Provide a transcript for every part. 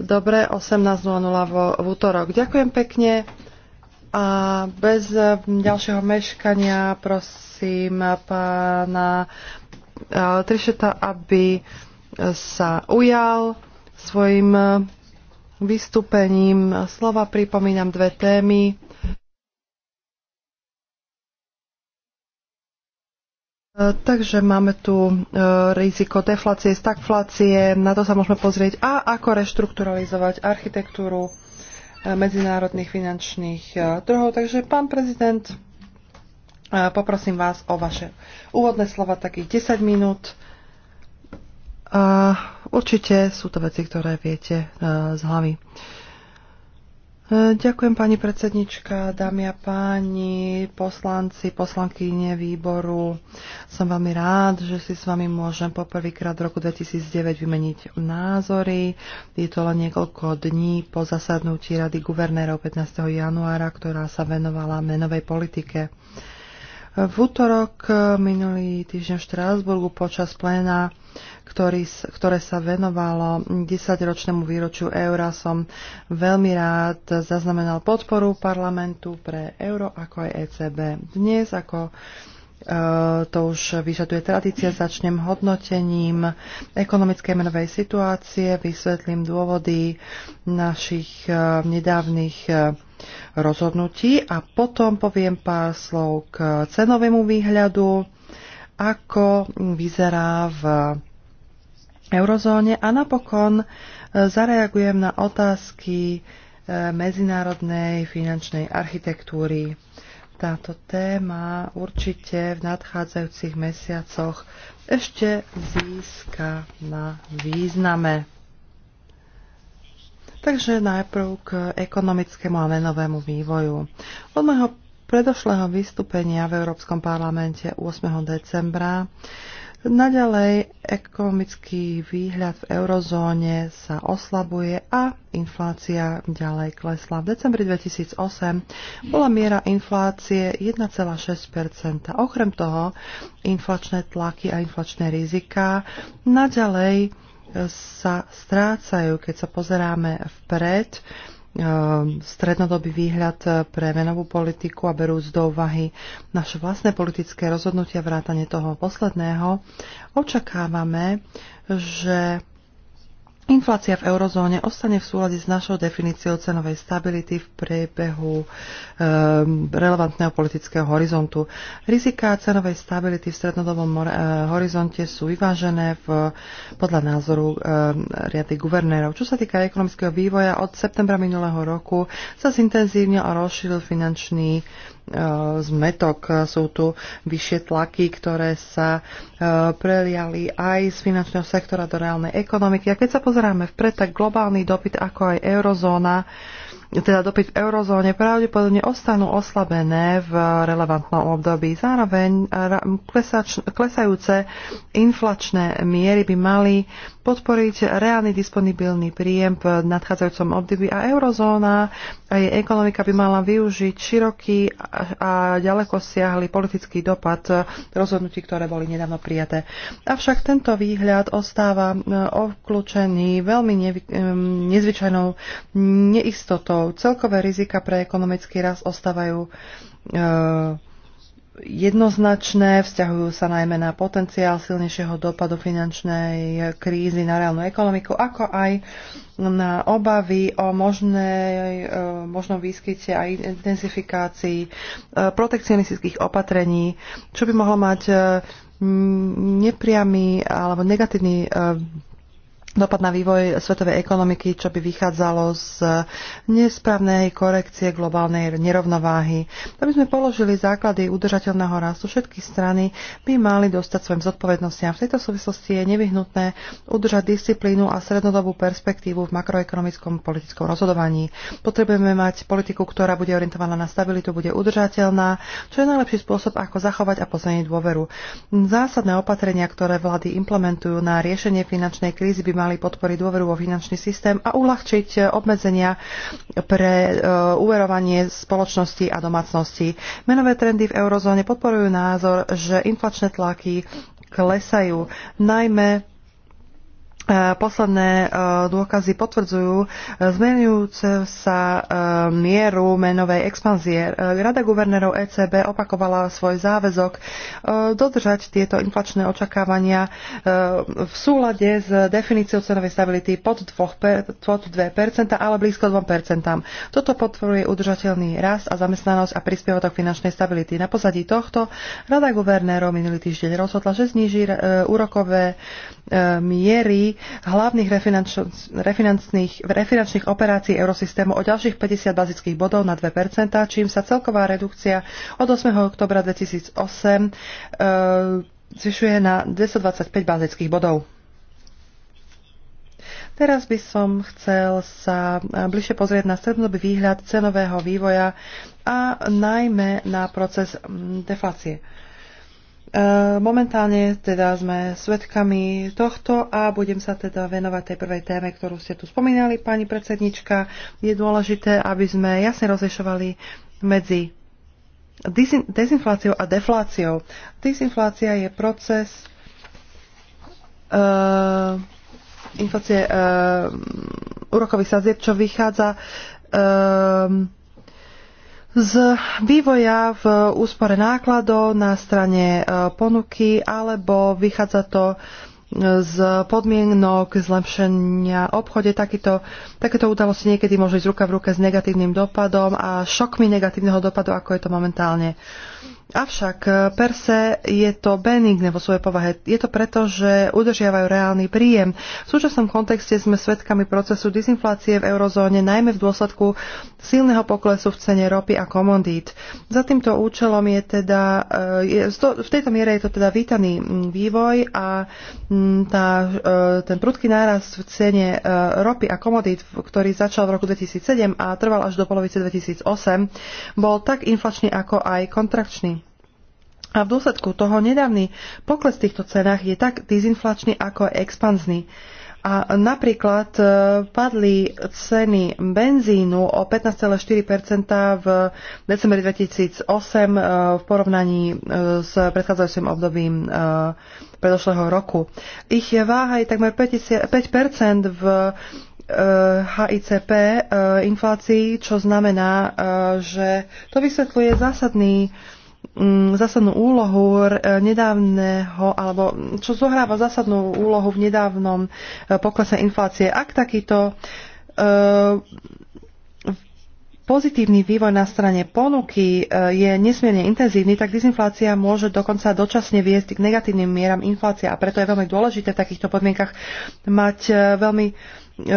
Dobre, 18.00 v útorok. Ďakujem pekne. A bez ďalšieho meškania prosím pána e, Trišeta, aby sa ujal svojim vystúpením. Slova pripomínam dve témy E, takže máme tu e, riziko deflácie, stagflácie, na to sa môžeme pozrieť a ako reštrukturalizovať architektúru e, medzinárodných finančných trhov. Takže pán prezident, poprosím vás o vaše úvodné slova, takých 10 minút. Určite sú to veci, ktoré viete z hlavy. E, ďakujem pani predsednička, dámy a páni, poslanci, poslankyne výboru. Som veľmi rád, že si s vami môžem poprvýkrát v roku 2009 vymeniť názory. Je to len niekoľko dní po zasadnutí Rady guvernérov 15. januára, ktorá sa venovala menovej politike. V útorok e, minulý týždeň v Štrásburgu počas pléna, ktorý, ktoré sa venovalo 10-ročnému výročiu eura, som veľmi rád zaznamenal podporu parlamentu pre euro ako aj ECB. Dnes ako e, to už vyžaduje tradícia, začnem hodnotením ekonomickej menovej situácie, vysvetlím dôvody našich e, nedávnych rozhodnutí a potom poviem pár slov k cenovému výhľadu, ako vyzerá v eurozóne a napokon e, zareagujem na otázky e, medzinárodnej finančnej architektúry. Táto téma určite v nadchádzajúcich mesiacoch ešte získa na význame. Takže najprv k ekonomickému a menovému vývoju. Od môjho predošlého vystúpenia v Európskom parlamente 8. decembra naďalej ekonomický výhľad v eurozóne sa oslabuje a inflácia ďalej klesla. V decembri 2008 bola miera inflácie 1,6 Okrem toho inflačné tlaky a inflačné rizika naďalej sa strácajú, keď sa pozeráme vpred eh, strednodobý výhľad pre menovú politiku a berú do úvahy naše vlastné politické rozhodnutia, vrátanie toho posledného, očakávame, že Inflácia v eurozóne ostane v súlade s našou definíciou cenovej stability v priebehu um, relevantného politického horizontu. Rizika cenovej stability v strednodobom uh, horizonte sú vyvážené v, podľa názoru um, ehm, riady guvernérov. Čo sa týka ekonomického vývoja, od septembra minulého roku sa zintenzívnil a rozšíril finančný Eh, zmetok. Sú tu vyššie tlaky, ktoré sa eh, preliali aj z finančného sektora do reálnej ekonomiky. A keď sa pozeráme vpred, tak globálny dopyt ako aj eurozóna teda dopyt v eurozóne pravdepodobne ostanú oslabené v relevantnom období. Zároveň klesajúce inflačné miery by mali podporiť reálny disponibilný príjem v nadchádzajúcom období a eurozóna a jej ekonomika by mala využiť široký a ďaleko siahli politický dopad rozhodnutí, ktoré boli nedávno prijaté. Avšak tento výhľad ostáva e, obklúčený veľmi e, nezvyčajnou neistotou. Celkové rizika pre ekonomický rast ostávajú e, jednoznačné, vzťahujú sa najmä na potenciál silnejšieho dopadu finančnej krízy na reálnu ekonomiku, ako aj na obavy o e, možnom výskyte a intenzifikácii e, protekcionistických opatrení, čo by mohlo mať e, nepriamy alebo negatívny dopad na vývoj svetovej ekonomiky, čo by vychádzalo z nesprávnej korekcie globálnej nerovnováhy. Aby sme položili základy udržateľného rastu, všetky strany by mali dostať svojim zodpovednostiam. V tejto súvislosti je nevyhnutné udržať disciplínu a srednodobú perspektívu v makroekonomickom politickom rozhodovaní. Potrebujeme mať politiku, ktorá bude orientovaná na stabilitu, bude udržateľná, čo je najlepší spôsob, ako zachovať a pozmeniť dôveru. Zásadné opatrenia, ktoré vlády implementujú na riešenie finančnej krízy, by mali podporiť dôveru vo finančný systém a uľahčiť eh, obmedzenia pre eh, uverovanie spoločnosti a domácnosti. Menové trendy v eurozóne podporujú názor, že inflačné tlaky klesajú, najmä E, posledné e, dôkazy potvrdzujú e, zmenujúce sa mieru menovej expanzie. Rada guvernérov ECB opakovala svoj záväzok dodržať tieto inflačné očakávania v súlade s definíciou cenovej stability pod, 2%, pod 2%, ale blízko 2%. Toto potvrduje udržateľný rast a zamestnanosť a prispieva k finančnej stability. Na pozadí tohto Rada guvernérov minulý týždeň rozhodla, že zniží úrokové miery hlavných refinančných, refinančných operácií eurosystému o ďalších 50 bazických bodov na 2%, čím sa celková redukcia od 8. oktobra 2008 e, zvyšuje na 225 bazických bodov. Teraz by som chcel sa e, bližšie pozrieť na strednodobý výhľad cenového vývoja a najmä na proces deflácie. E, momentálne teda sme svedkami tohto a budem sa teda venovať tej prvej téme, ktorú ste tu spomínali, pani predsednička. Je dôležité, aby sme jasne rozlišovali medzi dezinfláciou a defláciou. Dezinflácia je proces uh, inflácie uh, úrokových sadzieb, čo vychádza uh, z vývoja v úspore nákladov na strane e, ponuky, alebo vychádza to e, z podmienok zlepšenia obchode. Takýto, takéto udalosti niekedy môžu ísť ruka v ruke s negatívnym dopadom a šokmi negatívneho dopadu, ako je to momentálne. Avšak eh, per se je to benigné vo svojej povahe. Je to preto, že udržiavajú reálny príjem. V súčasnom kontexte sme svedkami procesu disinflácie v eurozóne, najmä v dôsledku silného poklesu v cene ropy a komodít. Za týmto účelom je teda, eh, je, v tejto miere je to teda vítaný mm, vývoj a mm, tá, eh, ten prudký nárast v cene ropy a komodít, ktorý začal v roku 2007 a trval až do polovice 2008, bol tak inflačný ako aj kontrakčný. A v dôsledku toho nedávny pokles v týchto cenách je tak dizinflačný ako expanzný. A napríklad e, padli ceny benzínu o 15,4% v decembri 2008 e, v porovnaní e, s predchádzajúcim obdobím predošlého roku. Ich váha je takmer 5% v HICP inflácii, čo znamená, že to vysvetľuje zásadný Mm, zásadnú úlohu e, nedávneho, alebo čo zohráva zásadnú úlohu v nedávnom e, poklese inflácie. Ak takýto e, pozitívny vývoj na strane ponuky je nesmierne intenzívny, tak dizinflácia môže dokonca dočasne viesť k negatívnym mieram inflácie a preto je veľmi dôležité v takýchto podmienkach mať veľmi E,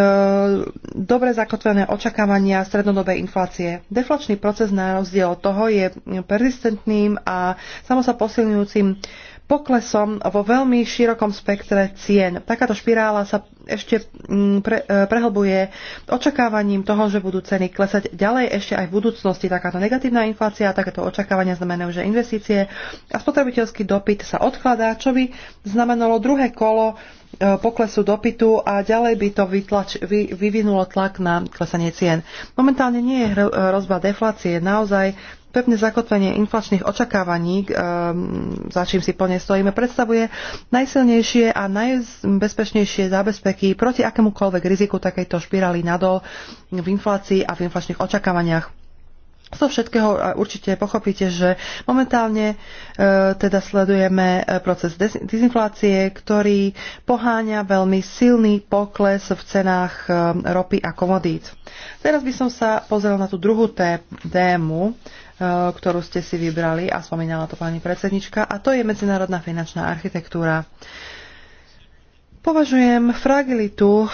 dobre zakotvené očakávania strednodobej inflácie. Deflačný proces na rozdiel od toho je persistentným a samo sa posilňujúcim poklesom vo veľmi širokom spektre cien. Takáto špirála sa ešte mm, pre, e, prehlbuje očakávaním toho, že budú ceny klesať ďalej ešte aj v budúcnosti. Takáto negatívna inflácia a takéto očakávania znamenajú, že investície a spotrebiteľský dopyt sa odkladá, čo by znamenalo druhé kolo e, poklesu dopytu a ďalej by to vytlač, vy, vyvinulo tlak na klesanie cien. Momentálne nie je hrozba e, deflácie, naozaj pevné zakotvenie inflačných očakávaní, ehm, za čím si plne stojíme, predstavuje najsilnejšie a najbezpečnejšie zábezpeky proti akémukoľvek riziku takejto špirály nadol v inflácii a v inflačných očakávaniach zo so všetkého určite pochopíte, že momentálne e, teda sledujeme e, proces dezinflácie, ktorý poháňa veľmi silný pokles v cenách e, ropy a komodít. Teraz by som sa pozrel na tú druhú tému, e, ktorú ste si vybrali a spomínala to pani predsednička, a to je medzinárodná finančná architektúra. E, Považujem fragilitu eh,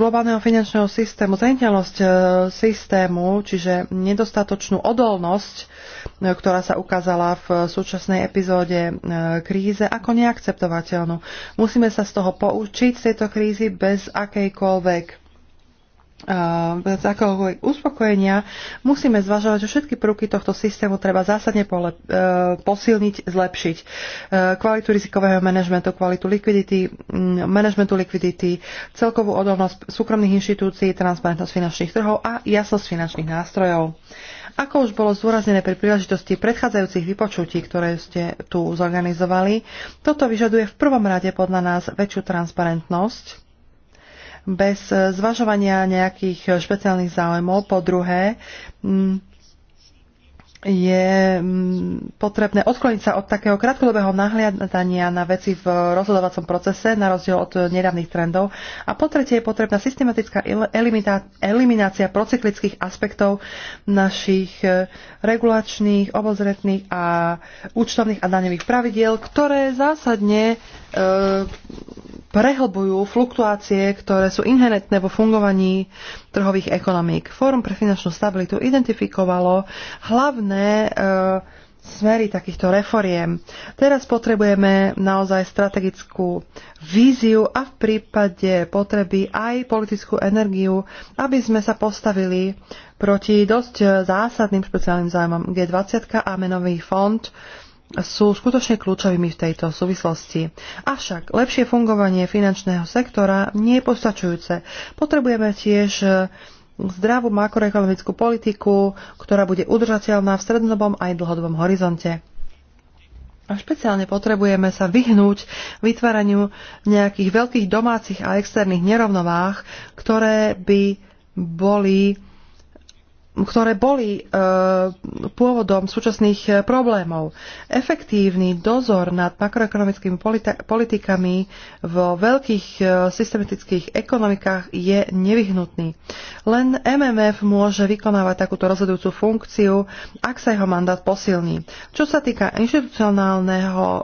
globálneho finančného systému, zraniteľnosť eh, systému, čiže nedostatočnú odolnosť, eh, ktorá sa ukázala v súčasnej epizóde kríze, ako neakceptovateľnú. Musíme sa z toho poučiť, z tejto krízy, bez akejkoľvek bez akéhokoľvek uspokojenia, musíme zvažovať, že všetky prvky tohto systému treba zásadne pole, e, posilniť, zlepšiť. E, kvalitu rizikového manažmentu, kvalitu likvidity, manažmentu likvidity, celkovú odolnosť súkromných inštitúcií, transparentnosť finančných trhov a jasnosť finančných nástrojov. Ako už bolo zúraznené pri príležitosti predchádzajúcich vypočutí, ktoré ste tu zorganizovali, toto vyžaduje v prvom rade podľa nás väčšiu transparentnosť bez eh, zvažovania nejakých eh, špeciálnych záujmov. Po druhé, mm, je mm, potrebné odkloniť sa od takého krátkodobého nahliadania na veci v rozhodovacom procese, na rozdiel od eh, nedávnych trendov. A po tretie je potrebná systematická eliminácia procyklických aspektov našich regulačných, obozretných a účtovných a daňových pravidiel, ktoré zásadne e, prehlbujú fluktuácie, ktoré sú inherentné vo fungovaní trhových ekonomík. Fórum pre finančnú stabilitu identifikovalo hlavné e, smery takýchto reforiem. Teraz potrebujeme naozaj strategickú víziu a v prípade potreby aj politickú energiu, aby sme sa postavili proti dosť zásadným špeciálnym zájmom G20 a menový fond, sú skutočne kľúčovými v tejto súvislosti. Avšak lepšie fungovanie finančného sektora nie je postačujúce. Potrebujeme tiež e, zdravú makroekonomickú politiku, ktorá bude udržateľná v strednodobom aj dlhodobom horizonte. A špeciálne potrebujeme sa vyhnúť vytváraniu nejakých veľkých domácich a externých nerovnovách, ktoré by boli ktoré boli e, pôvodom súčasných e, problémov. Efektívny dozor nad makroekonomickými politikami vo veľkých e, systematických ekonomikách je nevyhnutný. Len MMF môže vykonávať takúto rozhodujúcu funkciu, ak sa jeho mandát posilní. Čo sa týka inštitucionálneho e,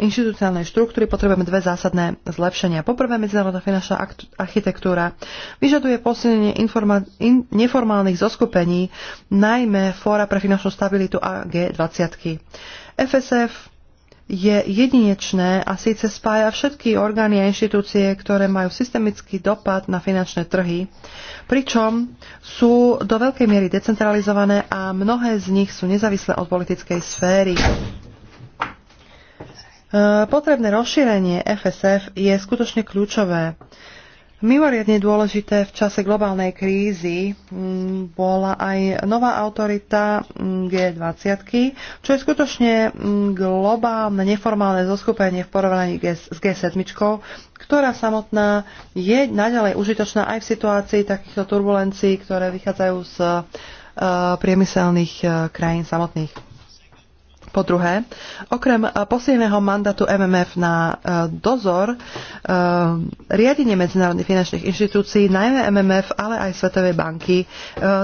inštitúciálnej štruktúry potrebujeme dve zásadné zlepšenia. Poprvé, medzinárodná finančná architektúra vyžaduje posilnenie in, neformálnych zoskupení, najmä Fóra pre finančnú stabilitu a G20. FSF je jedinečné a síce spája všetky orgány a inštitúcie, ktoré majú systemický dopad na finančné trhy, pričom sú do veľkej miery decentralizované a mnohé z nich sú nezávislé od politickej sféry. Eh, potrebné rozšírenie FSF je skutočne kľúčové. Mimoriadne dôležité v čase globálnej krízy mm, bola aj nová autorita mm, G20, čo je skutočne mm, globálne neformálne zoskupenie v porovnaní s G7, ktorá samotná je naďalej užitočná aj v situácii takýchto turbulencií, ktoré vychádzajú z eh, priemyselných eh, krajín samotných. Po druhé, okrem eh, posilného mandátu MMF na eh, dozor, eh, riadenie medzinárodných finančných inštitúcií, najmä MMF, ale aj Svetovej banky,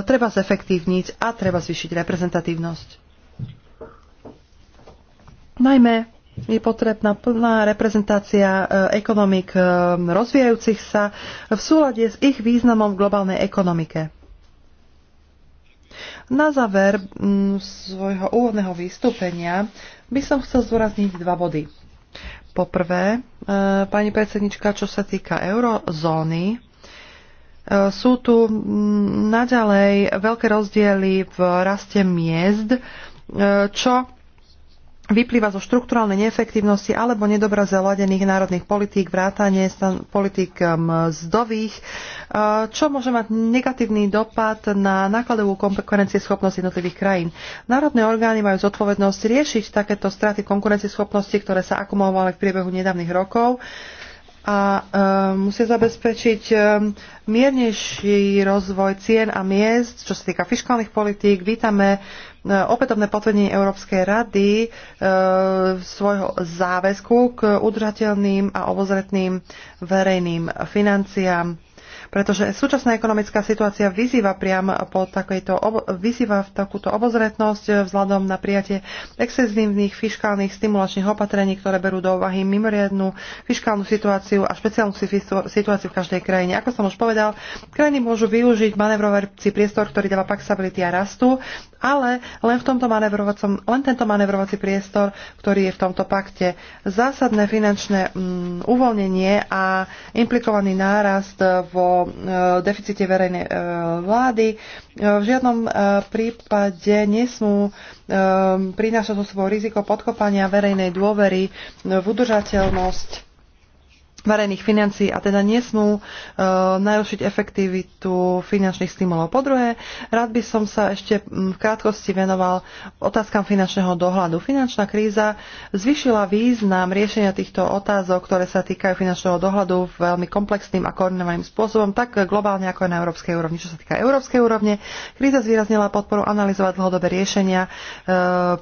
treba zefektívniť a treba zvýšiť reprezentatívnosť. Najmä je potrebná plná reprezentácia ekonomik rozvíjajúcich sa v súlade s ich významom v globálnej ekonomike. Na záver mm, svojho úvodného vystúpenia by som chcel zdôrazniť dva body. Poprvé, e, pani predsednička, čo sa týka eurozóny, e, sú tu mm, naďalej veľké rozdiely v raste miest, e, čo vyplýva zo štrukturálnej neefektívnosti alebo nedobre zaladených národných politík, vrátanie politík mzdových, um, uh, čo môže mať negatívny dopad na nákladovú konkurencieschopnosť jednotlivých krajín. Národné orgány majú zodpovednosť riešiť takéto straty konkurencieschopnosti, ktoré sa akumulovali v priebehu nedávnych rokov a e, musia zabezpečiť e, miernejší rozvoj cien a miest, čo sa týka fiskálnych politík. Vítame e, opätovné potvrdenie Európskej rady svojho záväzku k udržateľným a obozretným verejným financiám pretože súčasná ekonomická situácia vyzýva priam po takejto, vyzýva v takúto obozretnosť vzhľadom na prijatie excesívnych fiskálnych stimulačných opatrení, ktoré berú do úvahy mimoriadnú fiskálnu situáciu a špeciálnu situáciu v každej krajine. Ako som už povedal, krajiny môžu využiť manevrovací priestor, ktorý dáva pak stability a rastu, ale len, v tomto manevrovacom, len tento manevrovací priestor, ktorý je v tomto pakte. Zásadné finančné mm, uvoľnenie a implikovaný nárast vo E, deficite verejnej e, vlády. E, v žiadnom prípade nesmú prinášať so sebou riziko podkopania verejnej dôvery v udržateľnosť varených financií a teda nesmú e, narušiť efektivitu finančných stimulov. Po druhé, rád by som sa ešte v krátkosti venoval otázkam finančného dohľadu. Finančná kríza zvyšila význam riešenia týchto otázok, ktoré sa týkajú finančného dohľadu veľmi komplexným a koordinovaným spôsobom, tak globálne ako aj na európskej úrovni. Čo sa týka európskej úrovne, kríza zvýraznila podporu analyzovať dlhodobé riešenia e,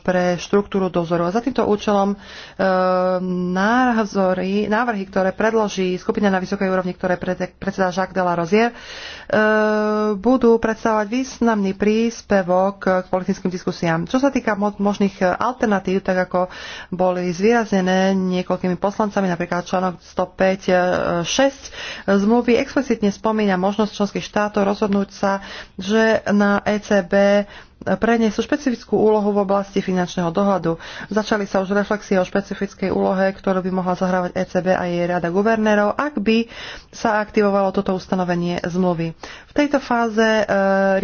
pre štruktúru dozoru. A za týmto účelom e, návrhy, návrhy, ktoré pred predloží skupina na vysokej úrovni, ktoré predseda Jacques de la Rozier, e, budú predstavovať významný príspevok k politickým diskusiám. Čo sa týka možných alternatív, tak ako boli zvýraznené niekoľkými poslancami, napríklad článok 105.6 e, zmluvy explicitne spomína možnosť členských štátov rozhodnúť sa, že na ECB preniesú špecifickú úlohu v oblasti finančného dohľadu. Začali sa už reflexie o špecifickej úlohe, ktorú by mohla zahrávať ECB a jej rada guvernérov, ak by sa aktivovalo toto ustanovenie zmluvy. V tejto fáze e,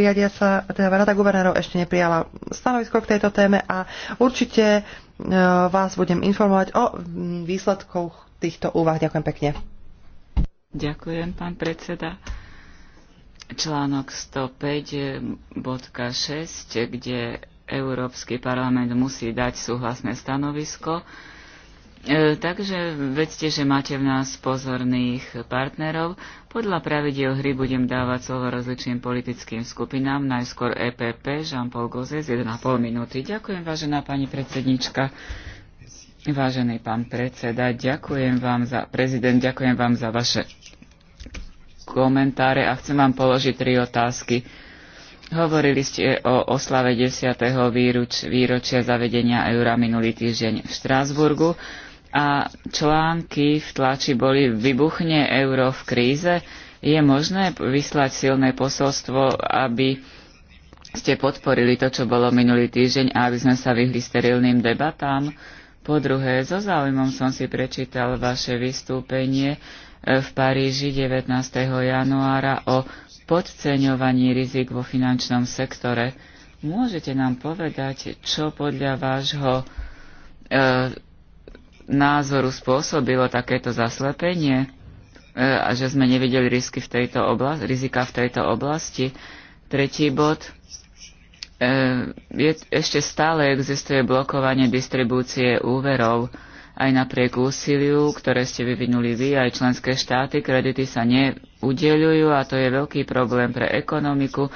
riadia sa, teda rada guvernérov ešte neprijala stanovisko k tejto téme a určite e, vás budem informovať o výsledkoch týchto úvah. Ďakujem pekne. Ďakujem, pán predseda článok 105.6, eh, kde Európsky parlament musí dať súhlasné stanovisko. Eh, takže vedzte, že máte v nás pozorných partnerov. Podľa pravidiel hry budem dávať slovo rozličným politickým skupinám, najskôr EPP, Jean-Paul Gozes, 1,5 minúty. Ďakujem, vážená pani predsednička. Vážený pán predseda, ďakujem vám za, prezident, ďakujem vám za vaše komentáre a chcem vám položiť tri otázky. Hovorili ste o oslave 10. Výruč, výročia zavedenia eura minulý týždeň v Štrásburgu a články v tlači boli vybuchne euro v kríze. Je možné vyslať silné posolstvo, aby ste podporili to, čo bolo minulý týždeň a aby sme sa vyhli sterilným debatám? Po druhé, so záujmom som si prečítal vaše vystúpenie v Paríži 19. januára o podceňovaní rizik vo finančnom sektore. Môžete nám povedať, čo podľa vášho e, názoru spôsobilo takéto zaslepenie e, a že sme nevideli risky v tejto oblasti, rizika v tejto oblasti? Tretí bod. E, je, ešte stále existuje blokovanie distribúcie úverov. E, aj napriek úsiliu, ktoré ste vyvinuli vy, aj členské štáty, kredity sa neudeľujú a to je veľký problém pre ekonomiku, e,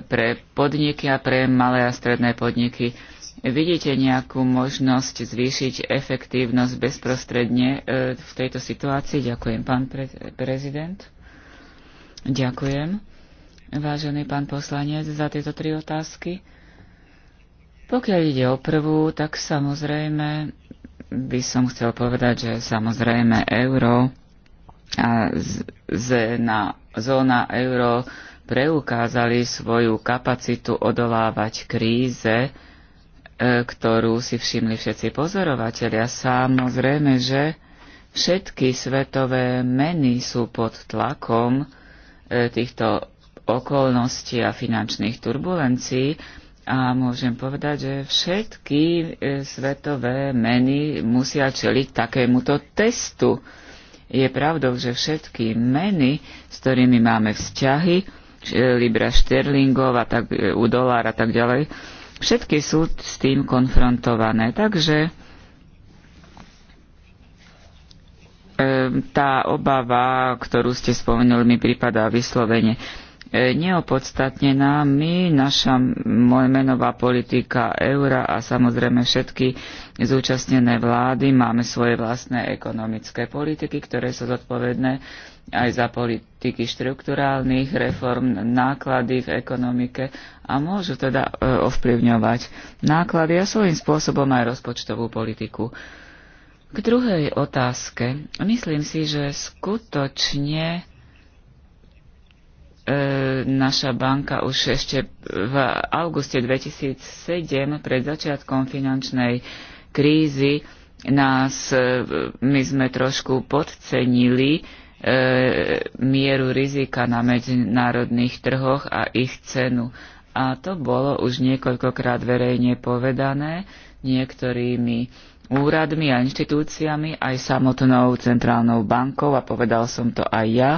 pre podniky a pre malé a stredné podniky. Vidíte nejakú možnosť zvýšiť efektívnosť bezprostredne e, v tejto situácii? Ďakujem, pán pre- prezident. Ďakujem, vážený pán poslanec, za tieto tri otázky. Pokiaľ ide o prvú, tak samozrejme by som chcel povedať, že samozrejme euro a z, z, na zóna euro preukázali svoju kapacitu odolávať kríze, e, ktorú si všimli všetci pozorovatelia. Samozrejme, že všetky svetové meny sú pod tlakom e, týchto okolností a finančných turbulencií a môžem povedať, že všetky e, svetové meny musia čeliť takémuto testu. Je pravdou, že všetky meny, s ktorými máme vzťahy, e, libra šterlingov a tak, e, u dolára a tak ďalej, všetky sú s tým konfrontované. Takže tá obava, ktorú ste spomenuli, mi pripadá vyslovene neopodstatnená. My, naša menová politika eura a samozrejme všetky zúčastnené vlády máme svoje vlastné ekonomické politiky, ktoré sú zodpovedné aj za politiky štrukturálnych reform, náklady v ekonomike a môžu teda e, ovplyvňovať náklady a svojím spôsobom aj rozpočtovú politiku. K druhej otázke. Myslím si, že skutočne E, naša banka už ešte v auguste 2007 pred začiatkom finančnej krízy nás, e, my sme trošku podcenili e, mieru rizika na medzinárodných trhoch a ich cenu. A to bolo už niekoľkokrát verejne povedané niektorými úradmi a inštitúciami, aj samotnou centrálnou bankou a povedal som to aj ja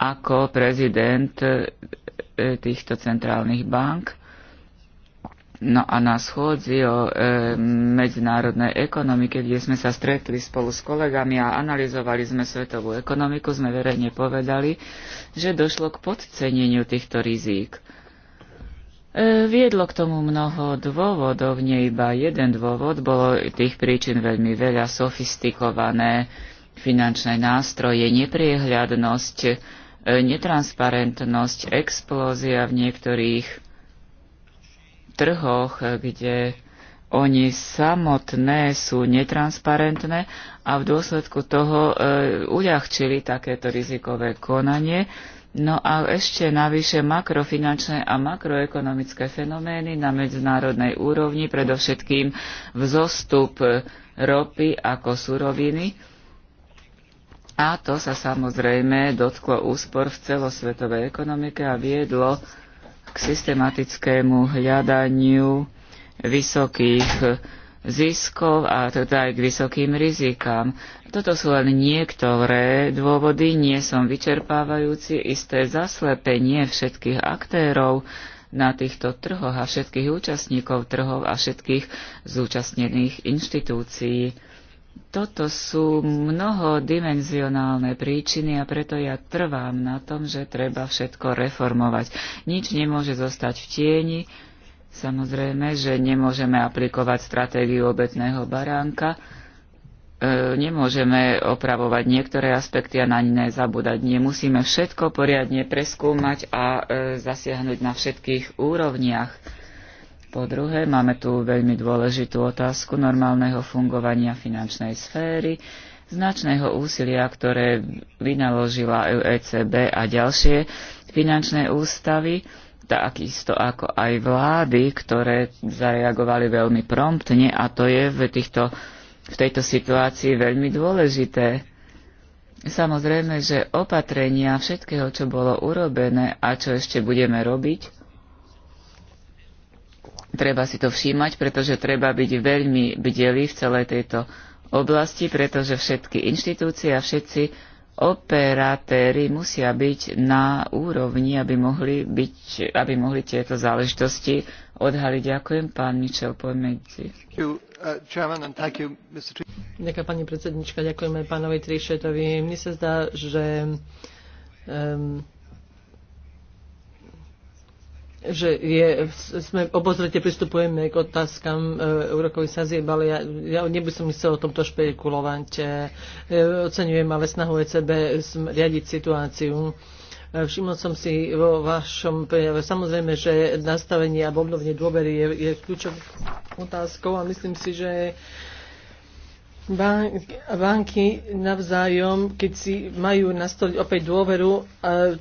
ako prezident e, e, týchto centrálnych bank. No a na schôdzi o e, medzinárodnej ekonomike, kde sme sa stretli spolu s kolegami a analyzovali sme svetovú ekonomiku, sme verejne povedali, že došlo k podceneniu týchto rizík. E, viedlo k tomu mnoho dôvodov, nie iba jeden dôvod, bolo tých príčin veľmi veľa, sofistikované finančné nástroje, nepriehľadnosť, E, netransparentnosť, explózia v niektorých trhoch, e, kde oni samotné sú netransparentné a v dôsledku toho e, uľahčili takéto rizikové konanie. No a ešte navyše makrofinančné a makroekonomické fenomény na medzinárodnej úrovni, predovšetkým vzostup ropy ako suroviny, a to sa samozrejme dotklo úspor v celosvetovej ekonomike a viedlo k systematickému hľadaniu vysokých ziskov a teda aj k vysokým rizikám. Toto sú len niektoré dôvody, nie som vyčerpávajúci, isté zaslepenie všetkých aktérov na týchto trhoch a všetkých účastníkov trhov a všetkých zúčastnených inštitúcií. Toto sú mnohodimenzionálne príčiny a preto ja trvám na tom, že treba všetko reformovať. Nič nemôže zostať v tieni. Samozrejme, že nemôžeme aplikovať stratégiu obetného baránka. E, nemôžeme opravovať niektoré aspekty a na iné zabúdať. Nemusíme všetko poriadne preskúmať a e, zasiahnuť na všetkých úrovniach po druhé, máme tu veľmi dôležitú otázku normálneho fungovania finančnej sféry, značného úsilia, ktoré vynaložila ECB a ďalšie finančné ústavy, takisto ako aj vlády, ktoré zareagovali veľmi promptne a to je v, týchto, v tejto situácii veľmi dôležité. Samozrejme, že opatrenia všetkého, čo bolo urobené a čo ešte budeme robiť, Treba si to všímať, pretože treba byť veľmi bdelý v celej tejto oblasti, pretože všetky inštitúcie a všetci operatéry musia byť na úrovni, aby mohli, byť, aby mohli tieto záležitosti odhaliť. Ďakujem, pán Mičel, poďme uh, Ďakujem, pani predsednička, ďakujeme pánovi Trišetovi. Mne sa zdá, že um, že je, sme obozrete pristupujeme k otázkam e, úrokových sazieb, ale ja, ja neby som chcel o tomto špekulovať. E, e, oceňujem ale snahu ECB riadiť situáciu. Všimol som si vo vašom prejave, samozrejme, že nastavenie a obnovenie dôvery je, je kľúčovou otázkou a myslím si, že banky navzájom, keď si majú nastoliť opäť dôveru, e,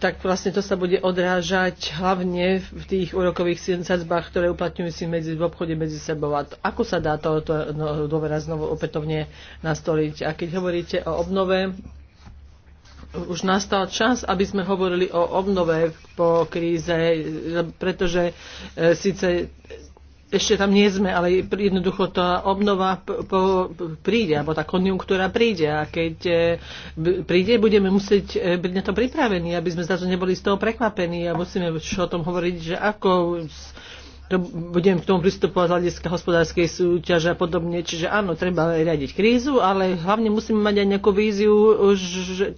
tak vlastne to sa bude odrážať hlavne v tých úrokových sadzbách, ktoré uplatňujú si medzi, v obchode medzi sebou. A ako sa dá to, to no, dôvera znovu opätovne nastoliť? A keď hovoríte o obnove, už nastal čas, aby sme hovorili o obnove po kríze, pretože e, síce ešte tam nie sme, ale jednoducho tá obnova príde, alebo tá konjunktúra príde a keď e, príde, budeme musieť e, byť na to pripravení, aby sme zase neboli z toho prekvapení a musíme o tom hovoriť, že ako to budem k tomu pristupovať z hľadiska hospodárskej súťaže a podobne. Čiže áno, treba riadiť krízu, ale hlavne musíme mať aj nejakú víziu,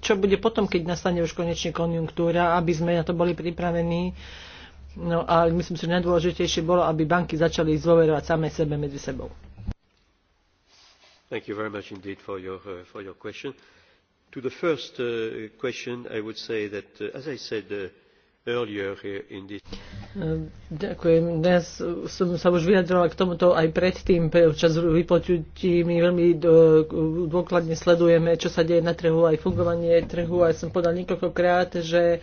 čo bude potom, keď nastane už konečne konjunktúra, aby sme na to boli pripravení. No a myslím si, že najdôležitejšie bolo, aby banky začali zôverovať same sebe medzi sebou. Thank you very much indeed for your, uh, for your question. To the first uh, question, I would say that, uh, as I said uh, earlier here uh, in this... Uh, ďakujem. Dnes uh, som sa už vyjadrovala k tomuto aj predtým. Čas vypočutí my veľmi dôkladne sledujeme, čo sa deje na trhu, aj fungovanie trhu. A ja som podal niekoľkokrát, že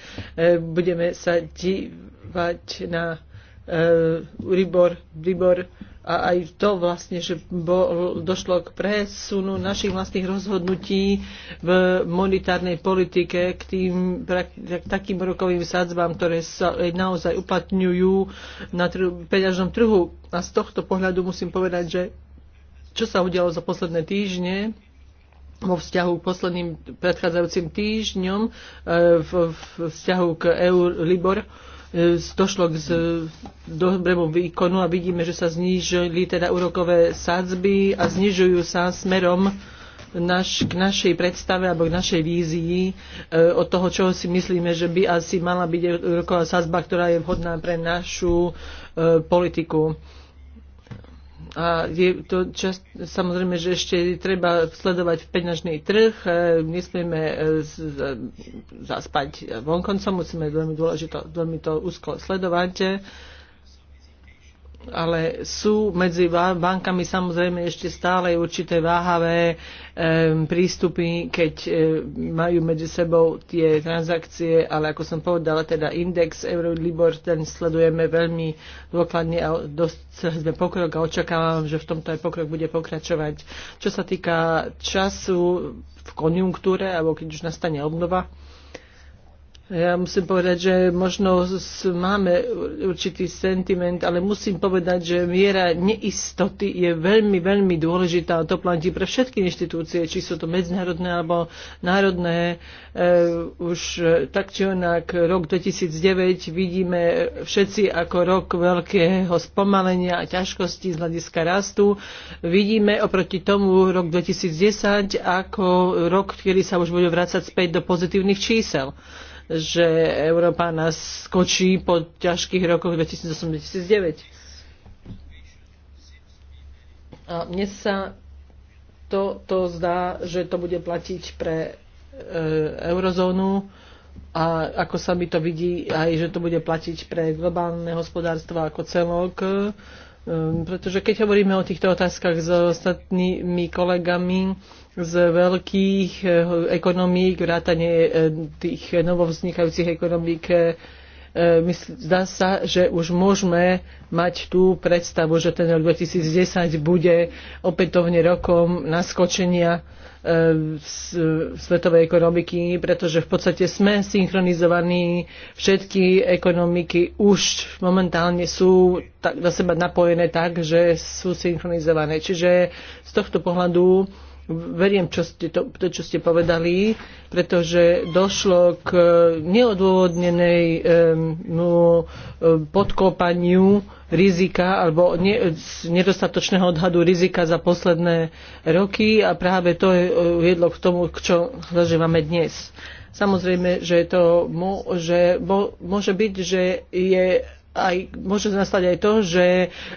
budeme sa di- reagovať na eh, Libor, Libor a aj to vlastne, že bol, došlo k presunu našich vlastných rozhodnutí v monetárnej politike k tým k takým rokovým sadzbám, ktoré sa naozaj uplatňujú na trhu, peňažnom trhu. A z tohto pohľadu musím povedať, že čo sa udialo za posledné týždne, vo vzťahu k posledným predchádzajúcim týždňom, eh, v vzťahu k EU Libor, E, došlo k dobrému výkonu a vidíme, že sa znížili teda úrokové sádzby a znižujú sa smerom naš, k našej predstave alebo k našej vízii e, od toho, čo si myslíme, že by asi mala byť úroková sázba, ktorá je vhodná pre našu e, politiku. A je to čas, samozrejme, že ešte treba sledovať peňažný trh, e, nesmieme e, e, zaspať vonkoncom, musíme veľmi, dôležito, veľmi to úzko sledovať ale sú medzi bankami samozrejme ešte stále určité váhavé prístupy, keď e, majú medzi sebou tie transakcie, ale ako som povedala, teda index Eurolibor, ten sledujeme veľmi dôkladne a dosť sme pokrok a očakávam, že v tomto aj pokrok bude pokračovať. Čo sa týka času v konjunktúre, alebo keď už nastane obnova, ja musím povedať, že možno máme určitý sentiment, ale musím povedať, že miera neistoty je veľmi, veľmi dôležitá a to platí pre všetky inštitúcie, či sú to medzinárodné alebo národné. E, už e, tak či onak rok 2009 vidíme všetci ako rok veľkého spomalenia a ťažkostí z hľadiska rastu. Vidíme oproti tomu rok 2010 ako rok, kedy sa už bude vrácať späť do pozitívnych čísel že Európa nás skočí po ťažkých rokoch 2008-2009. A mne sa to, to zdá, že to bude platiť pre e, eurozónu a ako sa mi to vidí aj, že to bude platiť pre globálne hospodárstvo ako celok. E, Ehm, pretože keď hovoríme o týchto otázkach s ostatnými kolegami z veľkých eh, ekonomík, vrátane eh, tých novovznikajúcich ekonomík eh, E, zdá sa, že už môžeme mať tú predstavu, že ten rok 2010 bude opätovne rokom naskočenia e, svetovej ekonomiky, pretože v podstate sme synchronizovaní, všetky ekonomiky už momentálne sú tak, na seba napojené tak, že sú synchronizované. Čiže z tohto pohľadu veriem, čo ste, to, to, čo ste povedali, pretože došlo k no, podkopaniu rizika alebo ne, nedostatočného odhadu rizika za posledné roky a práve to je, jedlo eh, k tomu, čo zažívame dnes. Samozrejme, že to môže, môže byť, že je aj, môže nastať aj to, že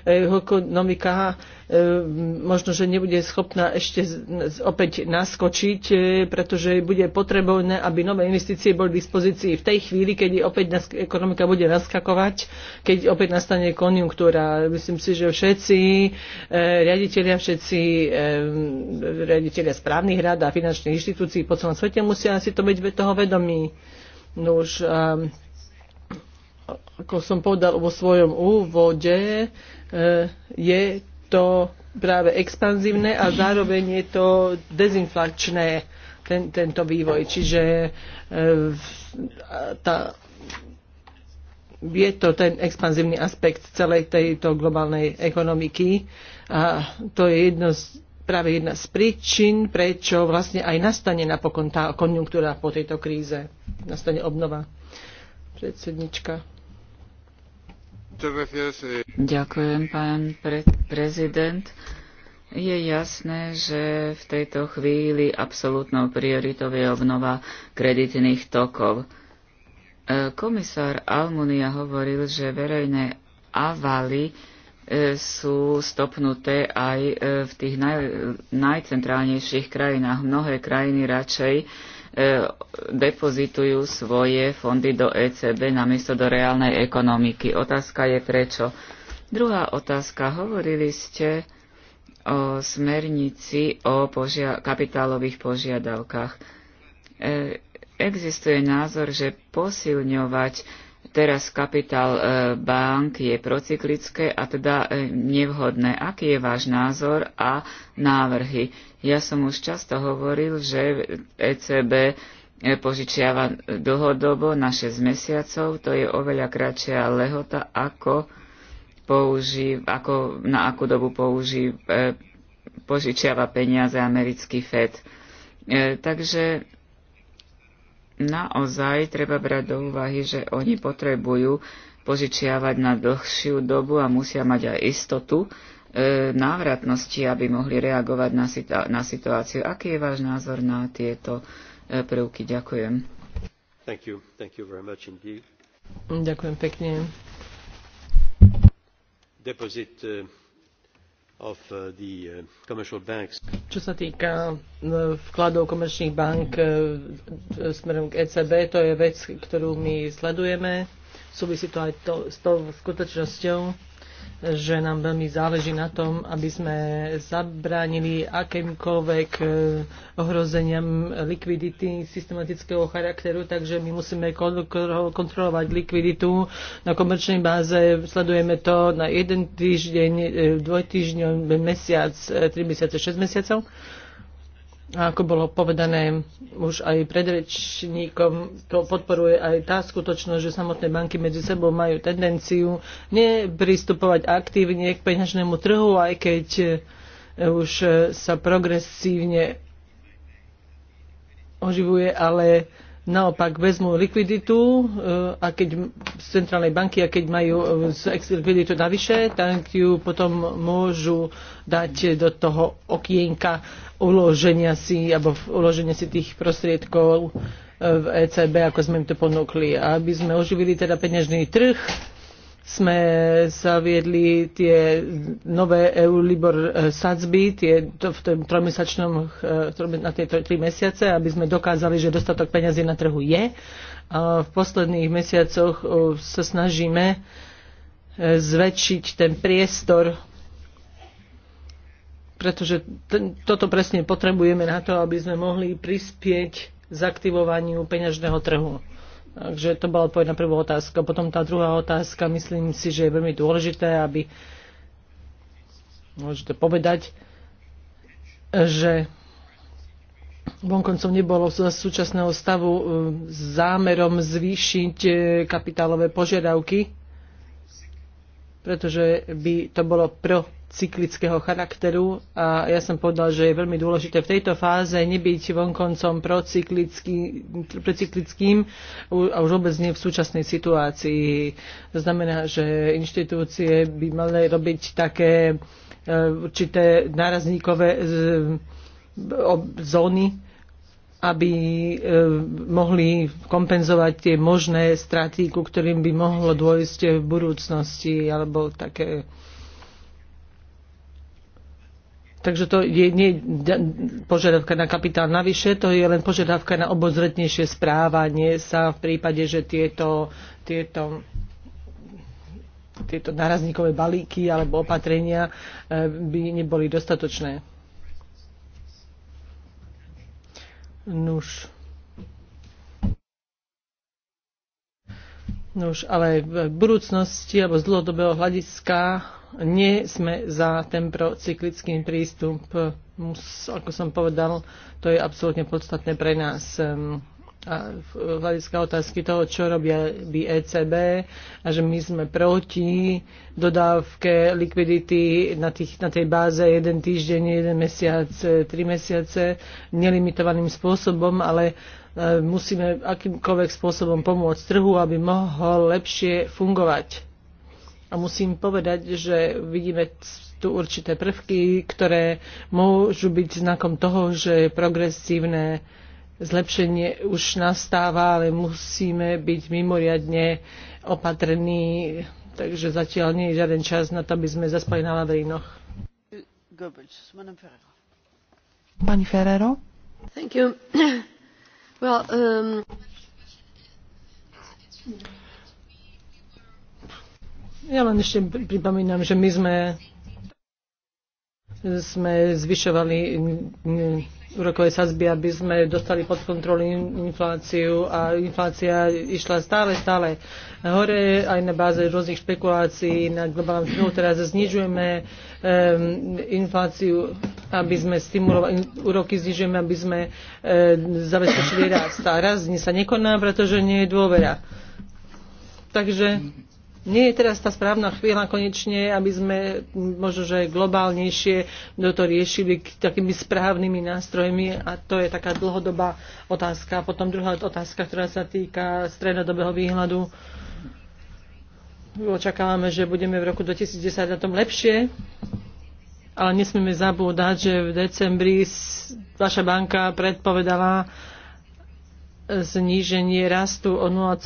ekonomika e, možno, že nebude schopná ešte opäť naskočiť, e, pretože bude potrebované, aby nové investície boli v dispozícii v tej chvíli, keď opäť ekonomika bude naskakovať, keď opäť nastane konjunktúra. Myslím si, že všetci e, riaditeľia, všetci riaditeľia správnych rád a finančných inštitúcií po celom svete musia si to byť toho vedomí. No už, ako som povedal vo svojom úvode, e, je to práve expanzívne a zároveň je to dezinflačné ten, tento vývoj. Čiže e, tá, je to ten expanzívny aspekt celej tejto globálnej ekonomiky a to je jedno z, práve jedna z príčin, prečo vlastne aj nastane napokon tá konjunktúra po tejto kríze, nastane obnova. Predsednička. Eh. Ďakujem, pán pre- prezident. Je jasné, že v tejto chvíli absolútnou prioritou je obnova kreditných tokov. E, komisár Almunia hovoril, že verejné avaly e, sú stopnuté aj e, v tých naj, najcentrálnejších krajinách. Mnohé krajiny radšej E, depozitujú svoje fondy do ECB namiesto do reálnej ekonomiky. Otázka je prečo. Druhá otázka. Hovorili ste o smernici o požia- kapitálových požiadavkách. E, existuje názor, že posilňovať Teraz kapitál e, bank je procyklické a teda e, nevhodné. Aký je váš názor a návrhy? Ja som už často hovoril, že ECB e, požičiava dlhodobo na 6 mesiacov, to je oveľa kratšia lehota, ako, použí, ako na akú dobu použí, požičiava peniaze americký FED. takže naozaj treba brať do úvahy, že oni potrebujú požičiavať na dlhšiu dobu a musia mať aj istotu e, návratnosti, aby mohli reagovať na, situá- na situáciu. Aký je váš názor na tieto e, prvky? Ďakujem. Thank you. Thank you very much indeed. Ďakujem pekne. Deposit, e, Uh, uh, Čo sa týka uh, vkladov komerčných bank smerom k ECB, to je vec, ktorú my sledujeme. Súvisí to aj to, s tou skutočnosťou, že nám veľmi záleží na tom, aby sme zabránili akýmkoľvek e, ohrozeniam likvidity systematického charakteru, takže my musíme kontrolovať likviditu na komerčnej báze. Sledujeme to na jeden týždeň, e, dvoj týždňov, mesiac, e, tri mesiace, šesť mesiacov a ako bolo povedané už aj predrečníkom, to podporuje aj tá skutočnosť, že samotné banky medzi sebou majú tendenciu nepristupovať aktívne k peňažnému trhu, aj keď e, už e, sa progresívne oživuje, ale naopak vezmú likviditu eh, a keď z centrálnej banky a keď majú eh, z likviditu navyše, tak ju potom môžu dať do toho okienka uloženia si, alebo uloženia si tých prostriedkov eh, v ECB, ako sme im to ponúkli. aby sme oživili teda peňažný trh, sme zaviedli tie nové EU-Libor eh, sadzby tie, to v tom tromesačnom, eh, na tie tri mesiace, aby sme dokázali, že dostatok peňazí na trhu je. A v posledných mesiacoch eh, sa snažíme zväčšiť ten priestor, pretože toto presne potrebujeme na to, aby sme mohli prispieť zaktivovaniu peňažného trhu. Takže to bola odpoveď na prvú otázku. Potom tá druhá otázka, myslím si, že je veľmi dôležité, aby môžete povedať, že vonkoncom nebolo z súčasného stavu e, zámerom zvýšiť e, kapitálové požiadavky pretože by to bolo pro cyklického charakteru a ja som povedal, že je veľmi dôležité v tejto fáze nebyť vonkoncom procyklický, procyklickým a už vôbec nie v súčasnej situácii. To znamená, že inštitúcie by mali robiť také e, určité nárazníkové zóny, aby e, mohli kompenzovať tie možné straty, ku ktorým by mohlo dôjsť v budúcnosti alebo také. Takže to je nie požiadavka na kapitál navyše, to je len požiadavka na obozretnejšie správanie sa v prípade, že tieto, tieto tieto nárazníkové balíky alebo opatrenia e, by neboli dostatočné. Nuž. Nuž, ale v budúcnosti alebo z dlhodobého hľadiska nie sme za ten procyklický prístup. Mus, ako som povedal, to je absolútne podstatné pre nás. Ehm, a hľadiska otázky toho, čo robia by ECB a že my sme proti dodávke likvidity na, tých, na tej báze jeden týždeň, jeden mesiac, e, tri mesiace nelimitovaným spôsobom, ale e, musíme akýmkoľvek spôsobom pomôcť trhu, aby mohol lepšie fungovať. A musím povedať, že vidíme tu určité prvky, ktoré môžu byť znakom toho, že progresívne zlepšenie už nastáva, ale musíme byť mimoriadne opatrní, takže zatiaľ nie je žiaden čas na to, aby sme zaspali na lavrínoch. Pani Ferrero. Thank you. Well, um... Ja len ešte pripomínam, že my sme, sme zvyšovali úrokovej sazby, aby sme dostali pod kontrolu infláciu a inflácia išla stále, stále hore aj na báze rôznych špekulácií na globálnom trhu. Teraz znižujeme um, infláciu, aby sme stimulovali, úroky znižujeme, aby sme um, zabezpečili rast. A rast sa nekoná, pretože nie je dôvera. Takže nie je teraz tá správna chvíľa konečne, aby sme možno, že globálnejšie to riešili takými správnymi nástrojmi a to je taká dlhodobá otázka. Potom druhá otázka, ktorá sa týka strednodobého výhľadu. Očakávame, že budeme v roku 2010 na tom lepšie, ale nesmieme zabúdať, že v decembri vaša banka predpovedala zníženie rastu o 0,5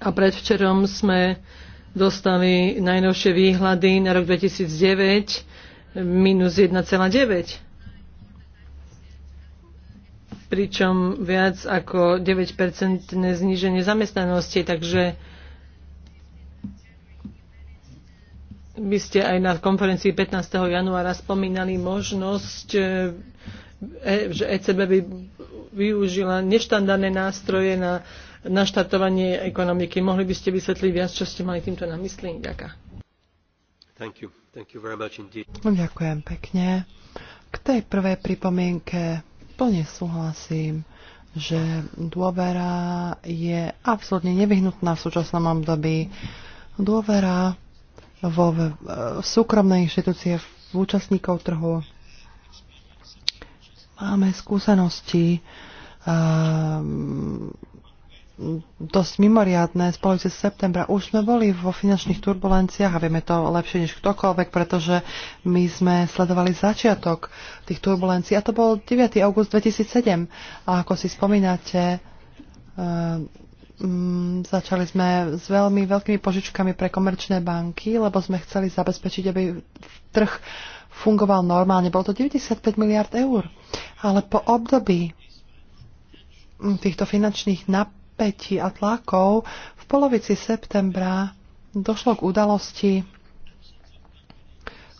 a predvčerom sme dostali najnovšie výhľady na rok 2009 minus 1,9 pričom viac ako 9-percentné zníženie zamestnanosti, takže by ste aj na konferencii 15. januára spomínali možnosť, e, e, že ECB by využila neštandardné nástroje na naštartovanie ekonomiky. Mohli by ste vysvetliť viac, čo ste mali týmto na mysli? Ďakujem. No, ďakujem pekne. K tej prvej pripomienke plne súhlasím, že dôvera je absolútne nevyhnutná v súčasnom období. Dôvera vo v súkromnej inštitúcie v účastníkov trhu. Máme skúsenosti um, dosť mimoriadné spoločne z septembra. Už sme boli vo finančných turbulenciách a vieme to lepšie než ktokoľvek, pretože my sme sledovali začiatok tých turbulencií a to bol 9. august 2007. A ako si spomínate, ehm, začali sme s veľmi veľkými požičkami pre komerčné banky, lebo sme chceli zabezpečiť, aby trh fungoval normálne. Bolo to 95 miliard eur. Ale po období týchto finančných nap- napätí a tlakov v polovici septembra došlo k udalosti,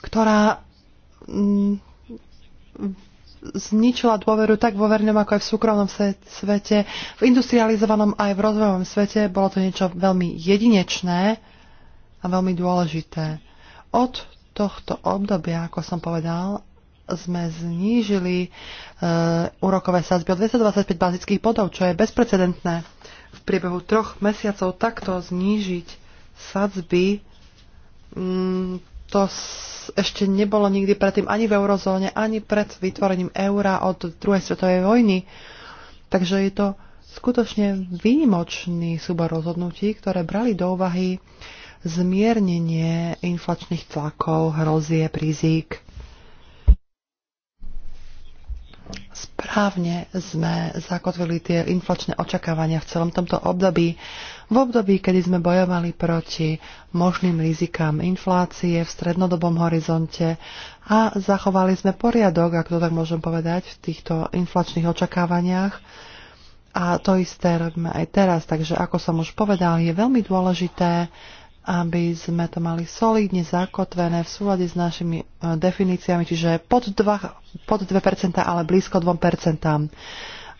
ktorá mm, zničila dôveru tak vo vernom, ako aj v súkromnom svete, v industrializovanom aj v rozvojovom svete. Bolo to niečo veľmi jedinečné a veľmi dôležité. Od tohto obdobia, ako som povedal, sme znížili uh, úrokové sázby o 225 bazických bodov, čo je bezprecedentné. V priebehu troch mesiacov takto znížiť sadzby, Mm, to ešte nebolo nikdy predtým ani v eurozóne, ani pred vytvorením eura od druhej svetovej vojny. Takže je to skutočne výnimočný súbor rozhodnutí, ktoré brali do úvahy zmiernenie inflačných tlakov, hrozie, rizik správne sme zakotvili tie inflačné očakávania v celom tomto období, v období, kedy sme bojovali proti možným rizikám inflácie v strednodobom horizonte a zachovali sme poriadok, ak to tak môžem povedať, v týchto inflačných očakávaniach. A to isté robíme aj teraz, takže ako som už povedal, je veľmi dôležité aby sme to mali solidne zakotvené v súlade s našimi e, definíciami, čiže pod 2, pod 2% ale blízko 2%,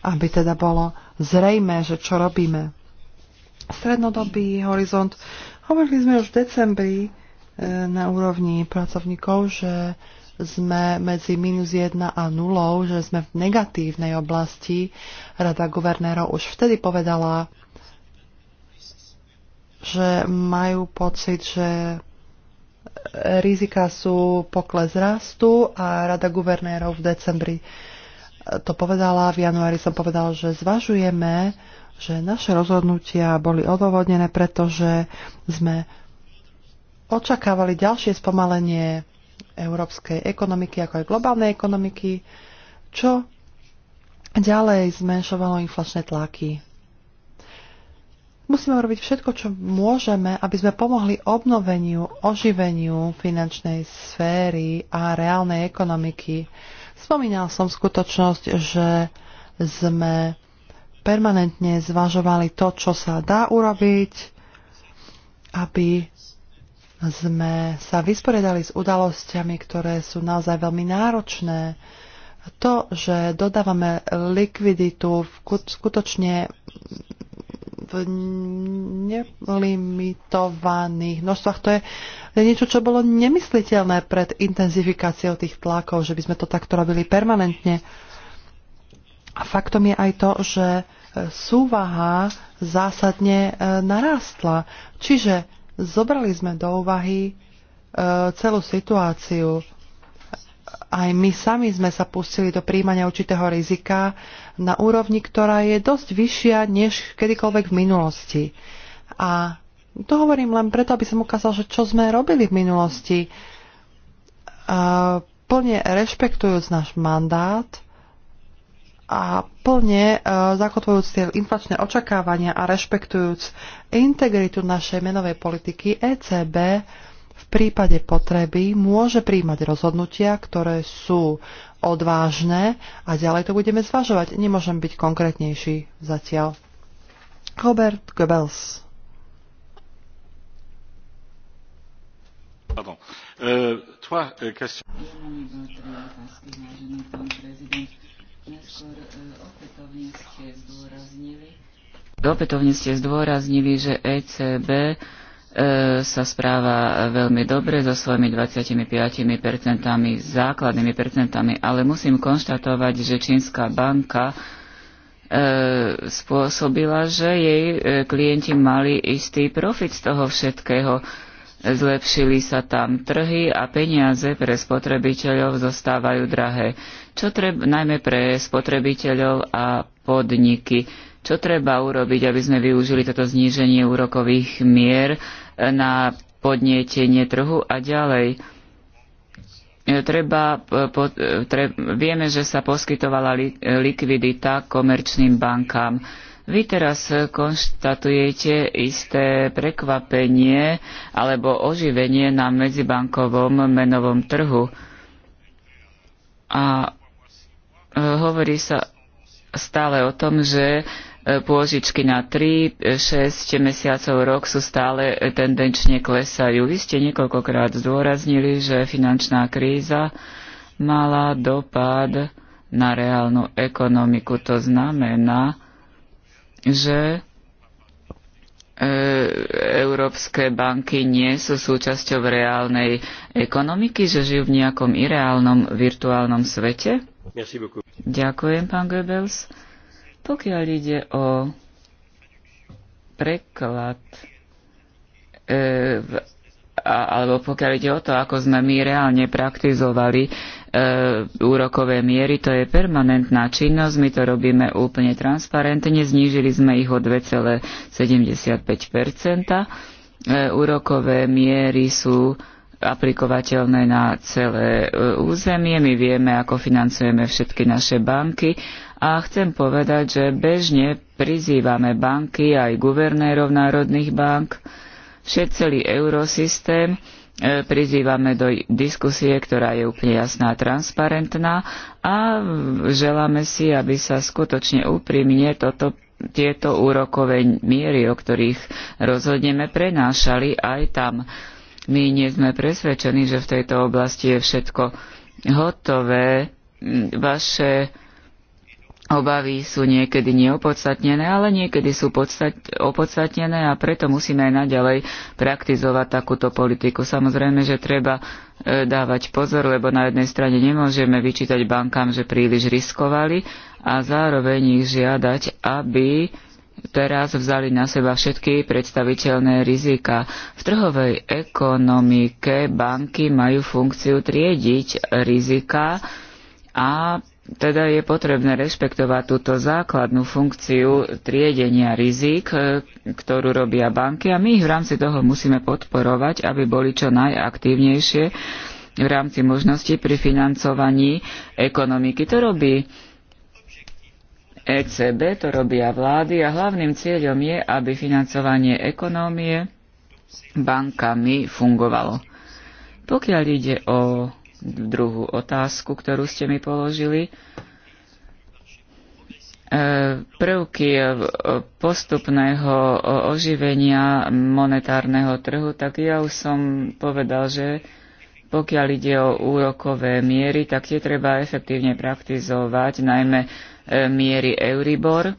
aby teda bolo zrejme, že čo robíme. Strednodobý horizont. Hovorili sme už v decembri e, na úrovni pracovníkov, že sme medzi minus 1 a 0, že sme v negatívnej oblasti. Rada guvernérov už vtedy povedala, že majú pocit, že rizika sú pokles rastu a Rada guvernérov v decembri to povedala, v januári som povedal, že zvažujeme, že naše rozhodnutia boli odôvodnené, pretože sme očakávali ďalšie spomalenie európskej ekonomiky, ako aj globálnej ekonomiky, čo ďalej zmenšovalo inflačné tlaky. Musíme robiť všetko, čo môžeme, aby sme pomohli obnoveniu, oživeniu finančnej sféry a reálnej ekonomiky. Spomínal som skutočnosť, že sme permanentne zvažovali to, čo sa dá urobiť, aby sme sa vysporiadali s udalosťami, ktoré sú naozaj veľmi náročné. To, že dodávame likviditu, skutočne v nelimitovaných množstvách. To je niečo, čo bolo nemysliteľné pred intenzifikáciou tých tlakov, že by sme to takto robili permanentne. A faktom je aj to, že súvaha zásadne e, narástla. Čiže zobrali sme do úvahy e, celú situáciu aj my sami sme sa pustili do príjmania určitého rizika na úrovni, ktorá je dosť vyššia než kedykoľvek v minulosti. A to hovorím len preto, aby som ukázal, že čo sme robili v minulosti. A plne rešpektujúc náš mandát a plne e, zakotvujúc tie inflačné očakávania a rešpektujúc integritu našej menovej politiky ECB, prípade potreby môže príjmať rozhodnutia, ktoré sú odvážne a ďalej to budeme zvažovať. Nemôžem byť konkrétnejší zatiaľ. Robert Goebbels. Pardon. Uh, trois uh, Opätovne ste zdôraznili, že ECB sa správa veľmi dobre so svojimi 25 percentami, základnými percentami, ale musím konštatovať, že Čínska banka e, spôsobila, že jej e, klienti mali istý profit z toho všetkého. Zlepšili sa tam trhy a peniaze pre spotrebiteľov zostávajú drahé, čo treba najmä pre spotrebiteľov a podniky čo treba urobiť, aby sme využili toto zníženie úrokových mier na podnietenie trhu a ďalej? Treba, e, po, e, tre, vieme, že sa poskytovala li, e, likvidita komerčným bankám. Vy teraz konštatujete isté prekvapenie alebo oživenie na medzibankovom menovom trhu. A hovorí sa stále o tom, že E, pôžičky na 3, 6 e, mesiacov, rok sú stále tendenčne klesajú. Vy ste niekoľkokrát zdôraznili, že finančná kríza mala dopad na reálnu ekonomiku. To znamená, že e, európske banky nie sú súčasťou reálnej ekonomiky, že žijú v nejakom ireálnom virtuálnom svete? Ďakujem, pán Goebbels. Pokiaľ ide o preklad e, v, a, alebo pokiaľ ide o to, ako sme my reálne praktizovali e, úrokové miery, to je permanentná činnosť, my to robíme úplne transparentne, znížili sme ich o 2,75 e, Úrokové miery sú aplikovateľné na celé e, územie, my vieme, ako financujeme všetky naše banky a chcem povedať, že bežne prizývame banky aj guvernérov národných bank, všet celý eurosystém, e, prizývame do diskusie, ktorá je úplne jasná a transparentná a želáme si, aby sa skutočne úprimne toto, tieto úrokové miery, o ktorých rozhodneme, prenášali aj tam. My nie sme presvedčení, že v tejto oblasti je všetko hotové. Vaše Obavy sú niekedy neopodstatnené, ale niekedy sú podstat- opodstatnené a preto musíme aj naďalej praktizovať takúto politiku. Samozrejme, že treba e, dávať pozor, lebo na jednej strane nemôžeme vyčítať bankám, že príliš riskovali a zároveň ich žiadať, aby teraz vzali na seba všetky predstaviteľné rizika. V trhovej ekonomike banky majú funkciu triediť rizika a teda je potrebné rešpektovať túto základnú funkciu triedenia rizik, e, ktorú robia banky a my ich v rámci toho musíme podporovať, aby boli čo najaktívnejšie v rámci možností pri financovaní ekonomiky. To robí ECB, to robia vlády a hlavným cieľom je, aby financovanie ekonómie bankami fungovalo. Pokiaľ ide o druhú otázku, ktorú ste mi položili. E, prvky postupného oživenia monetárneho trhu, tak ja už som povedal, že pokiaľ ide o úrokové miery, tak tie treba efektívne praktizovať, najmä e, miery Euribor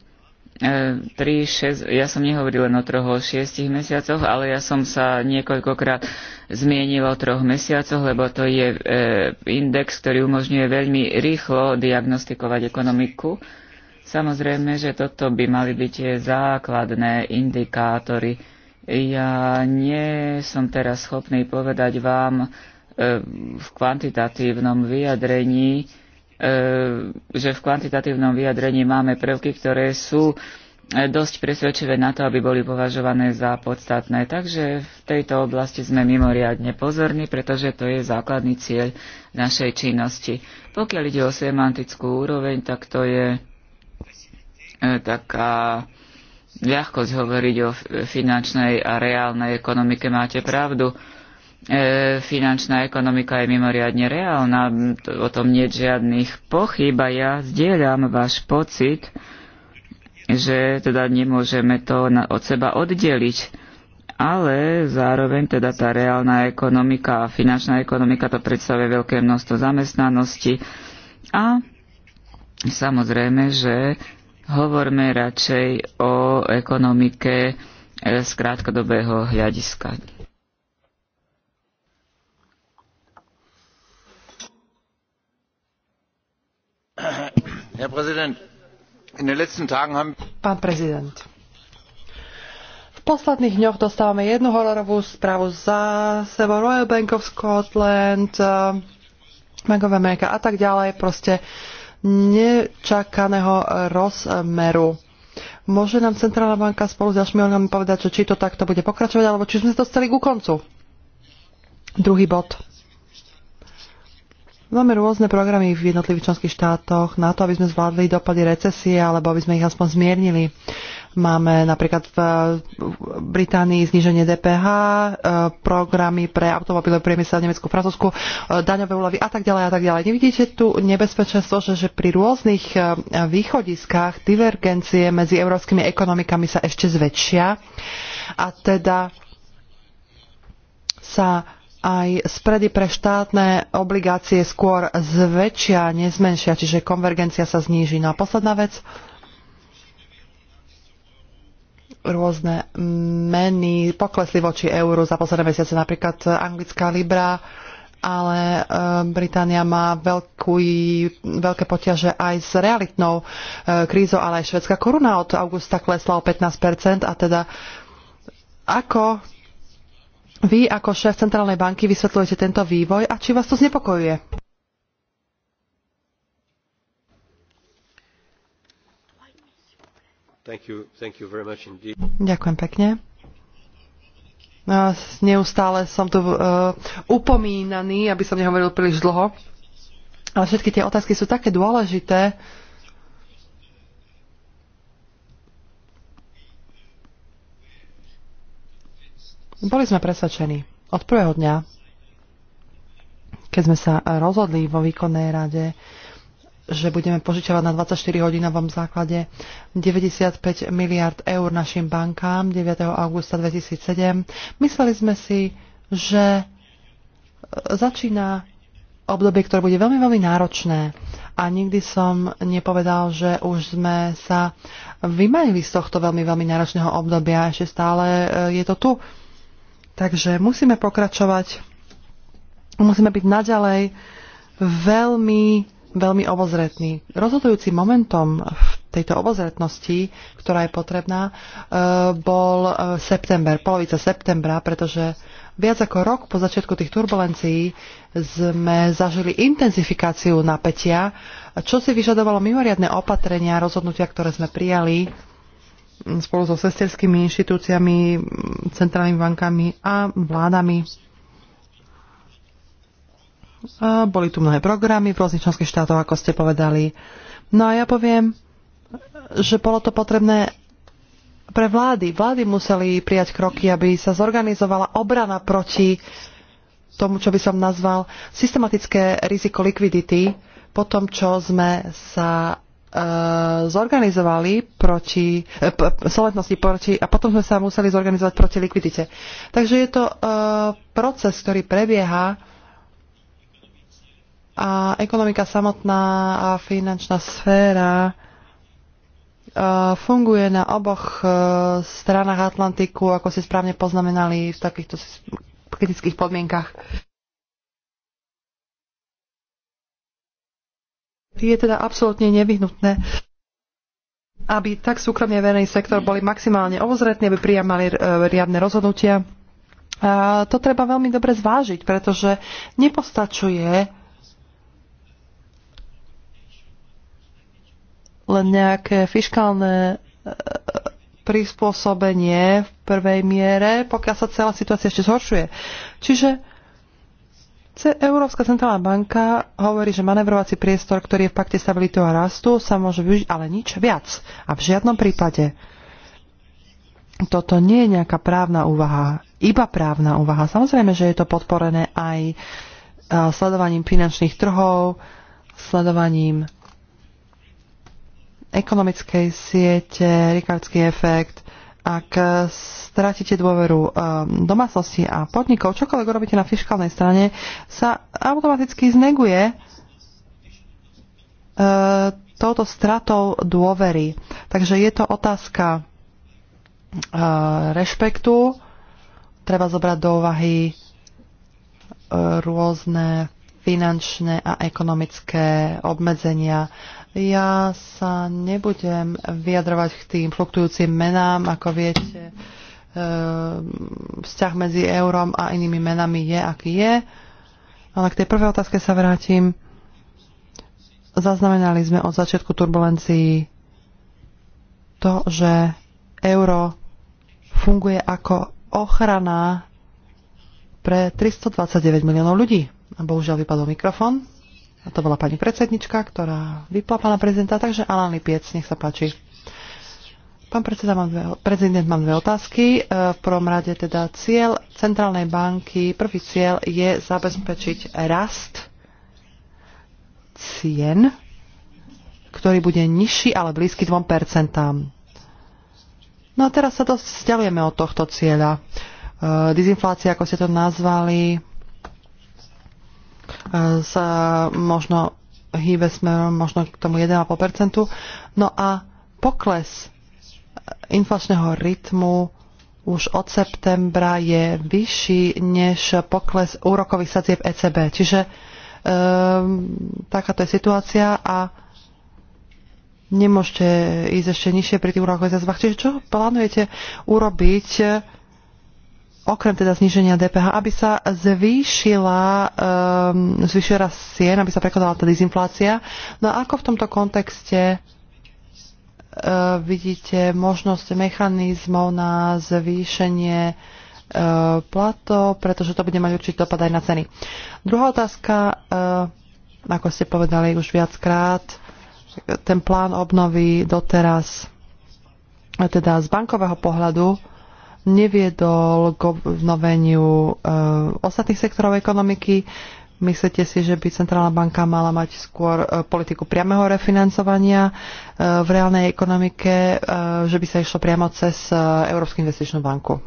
3, e, 6, ja som nehovoril len o troch, o šiestich mesiacoch, ale ja som sa niekoľkokrát zmienil o troch mesiacoch, lebo to je e, index, ktorý umožňuje veľmi rýchlo diagnostikovať ekonomiku. Samozrejme, že toto by mali byť tie základné indikátory. Ja nie som teraz schopný povedať vám e, v kvantitatívnom vyjadrení, že v kvantitatívnom vyjadrení máme prvky, ktoré sú e, dosť presvedčivé na to, aby boli považované za podstatné. Takže v tejto oblasti sme mimoriadne pozorní, pretože to je základný cieľ našej činnosti. Pokiaľ ide o semantickú úroveň, tak to je e, taká ľahkosť hovoriť o finančnej a reálnej ekonomike. Máte pravdu E, finančná ekonomika je mimoriadne reálna, o tom nie je žiadnych pochyb a ja zdieľam váš pocit, že teda nemôžeme to od seba oddeliť. Ale zároveň teda tá reálna ekonomika a finančná ekonomika to predstavuje veľké množstvo zamestnanosti a samozrejme, že hovorme radšej o ekonomike e, z krátkodobého hľadiska. Pán prezident, v posledných dňoch dostávame jednu hororovú správu za sebou Royal Bank of Scotland, eh, Bank of America a tak ďalej, proste nečakaného rozmeru. Môže nám Centrálna banka spolu s ďalšími orgánmi povedať, či to takto bude pokračovať, alebo či sme sa dostali ku koncu. Druhý bod Máme rôzne programy v jednotlivých členských štátoch na to, aby sme zvládli dopady recesie alebo aby sme ich aspoň zmiernili. Máme napríklad v Británii zníženie DPH, e, programy pre automobilový priemysel v Nemecku, Francúzsku, e, daňové úlavy a tak ďalej a tak ďalej. Nevidíte tu nebezpečenstvo, že, že pri rôznych e, východiskách divergencie medzi európskymi ekonomikami sa ešte zväčšia a teda sa aj spredy pre štátne obligácie skôr zväčšia, nezmenšia, čiže konvergencia sa zníži. No a posledná vec, rôzne meny poklesli voči euru za posledné mesiace, napríklad anglická libra, ale e, Británia má veľkú, veľké poťaže aj s realitnou e, krízou, ale aj švedská koruna od augusta klesla o 15% a teda ako vy ako šéf Centrálnej banky vysvetľujete tento vývoj a či vás to znepokojuje? Thank you, thank you Ďakujem pekne. Neustále som tu uh, upomínaný, aby som nehovoril príliš dlho. Ale všetky tie otázky sú také dôležité, Boli sme presvedčení od prvého dňa, keď sme sa rozhodli vo výkonnej rade, že budeme požičovať na 24-hodinovom základe 95 miliard eur našim bankám 9. augusta 2007. Mysleli sme si, že e, začína obdobie, ktoré bude veľmi, veľmi náročné. A nikdy som nepovedal, že už sme sa vymanili z tohto veľmi, veľmi náročného obdobia. Ešte stále e, je to tu. Takže musíme pokračovať, musíme byť naďalej veľmi, veľmi obozretní. Rozhodujúcim momentom v tejto obozretnosti, ktorá je potrebná, e, bol e, september, polovica septembra, pretože viac ako rok po začiatku tých turbulencií sme zažili intenzifikáciu napätia, čo si vyžadovalo mimoriadne opatrenia, rozhodnutia, ktoré sme prijali spolu so sesterskými inštitúciami, centrálnymi bankami a vládami. A boli tu mnohé programy v rôznych členských štátoch, ako ste povedali. No a ja poviem, že bolo to potrebné pre vlády. Vlády museli prijať kroky, aby sa zorganizovala obrana proti tomu, čo by som nazval systematické riziko likvidity po tom, čo sme sa Eh, zorganizovali proti e, eh, solventnosti proti a potom sme sa museli zorganizovať proti likvidite. Takže je to e, proces, ktorý prebieha a ekonomika samotná a finančná sféra e, funguje na oboch e, stranách Atlantiku, ako si správne poznamenali, v takýchto kritických podmienkach. Je teda absolútne nevyhnutné, aby tak súkromne verejný sektor boli maximálne obozretní, aby prijamali e, riadne rozhodnutia. A to treba veľmi dobre zvážiť, pretože nepostačuje len nejaké fiskálne e, prispôsobenie v prvej miere, pokiaľ sa celá situácia ešte zhoršuje. Čiže Európska centrálna banka hovorí, že manevrovací priestor, ktorý je v pakte stability a rastu, sa môže využiť, ale nič viac. A v žiadnom prípade toto nie je nejaká právna úvaha, iba právna úvaha. Samozrejme, že je to podporené aj e, sledovaním finančných trhov, sledovaním ekonomickej siete, rikardský efekt, ak stratíte dôveru um, domácnosti a podnikov, čokoľvek robíte na fiskálnej strane, sa automaticky zneguje uh, touto stratou dôvery. Takže je to otázka uh, rešpektu, treba zobrať do úvahy uh, rôzne finančné a ekonomické obmedzenia ja sa nebudem vyjadrovať k tým fluktujúcim menám, ako viete. E, vzťah medzi eurom a inými menami je, aký je. Ale k tej prvej otázke sa vrátim. Zaznamenali sme od začiatku turbulencií to, že euro funguje ako ochrana pre 329 miliónov ľudí. A bohužiaľ vypadol mikrofón. A to bola pani predsednička, ktorá vypla pána prezidenta, takže Alan Lipiec, nech sa páči. Pán predseda, mám dve, prezident, mám dve otázky. E, v prvom rade teda cieľ Centrálnej banky, prvý cieľ je zabezpečiť rast cien, ktorý bude nižší, ale blízky 2%. No a teraz sa dosť vzdialujeme od tohto cieľa. E, dizinflácia, ako ste to nazvali, sa možno hýbe smerom možno k tomu 1,5%. No a pokles inflačného rytmu už od septembra je vyšší než pokles úrokových sadzieb ECB. Čiže um, takáto je situácia a nemôžete ísť ešte nižšie pri tých úrokových sadzbách. Čiže čo plánujete urobiť okrem teda zníženia DPH, aby sa zvýšila, um, zvýšila cien, aby sa prekonala tá dezinflácia. No a ako v tomto kontexte uh, vidíte možnosť mechanizmov na zvýšenie uh, e, plato, pretože to bude mať určite dopad aj na ceny. Druhá otázka, uh, ako ste povedali už viackrát, ten plán obnovy doteraz teda z bankového pohľadu neviedol k obnoveniu e, ostatných sektorov ekonomiky. Myslíte si, že by Centrálna banka mala mať skôr eh, politiku priameho refinancovania eh, v reálnej ekonomike, že by sa išlo priamo cez Európsku investičnú banku?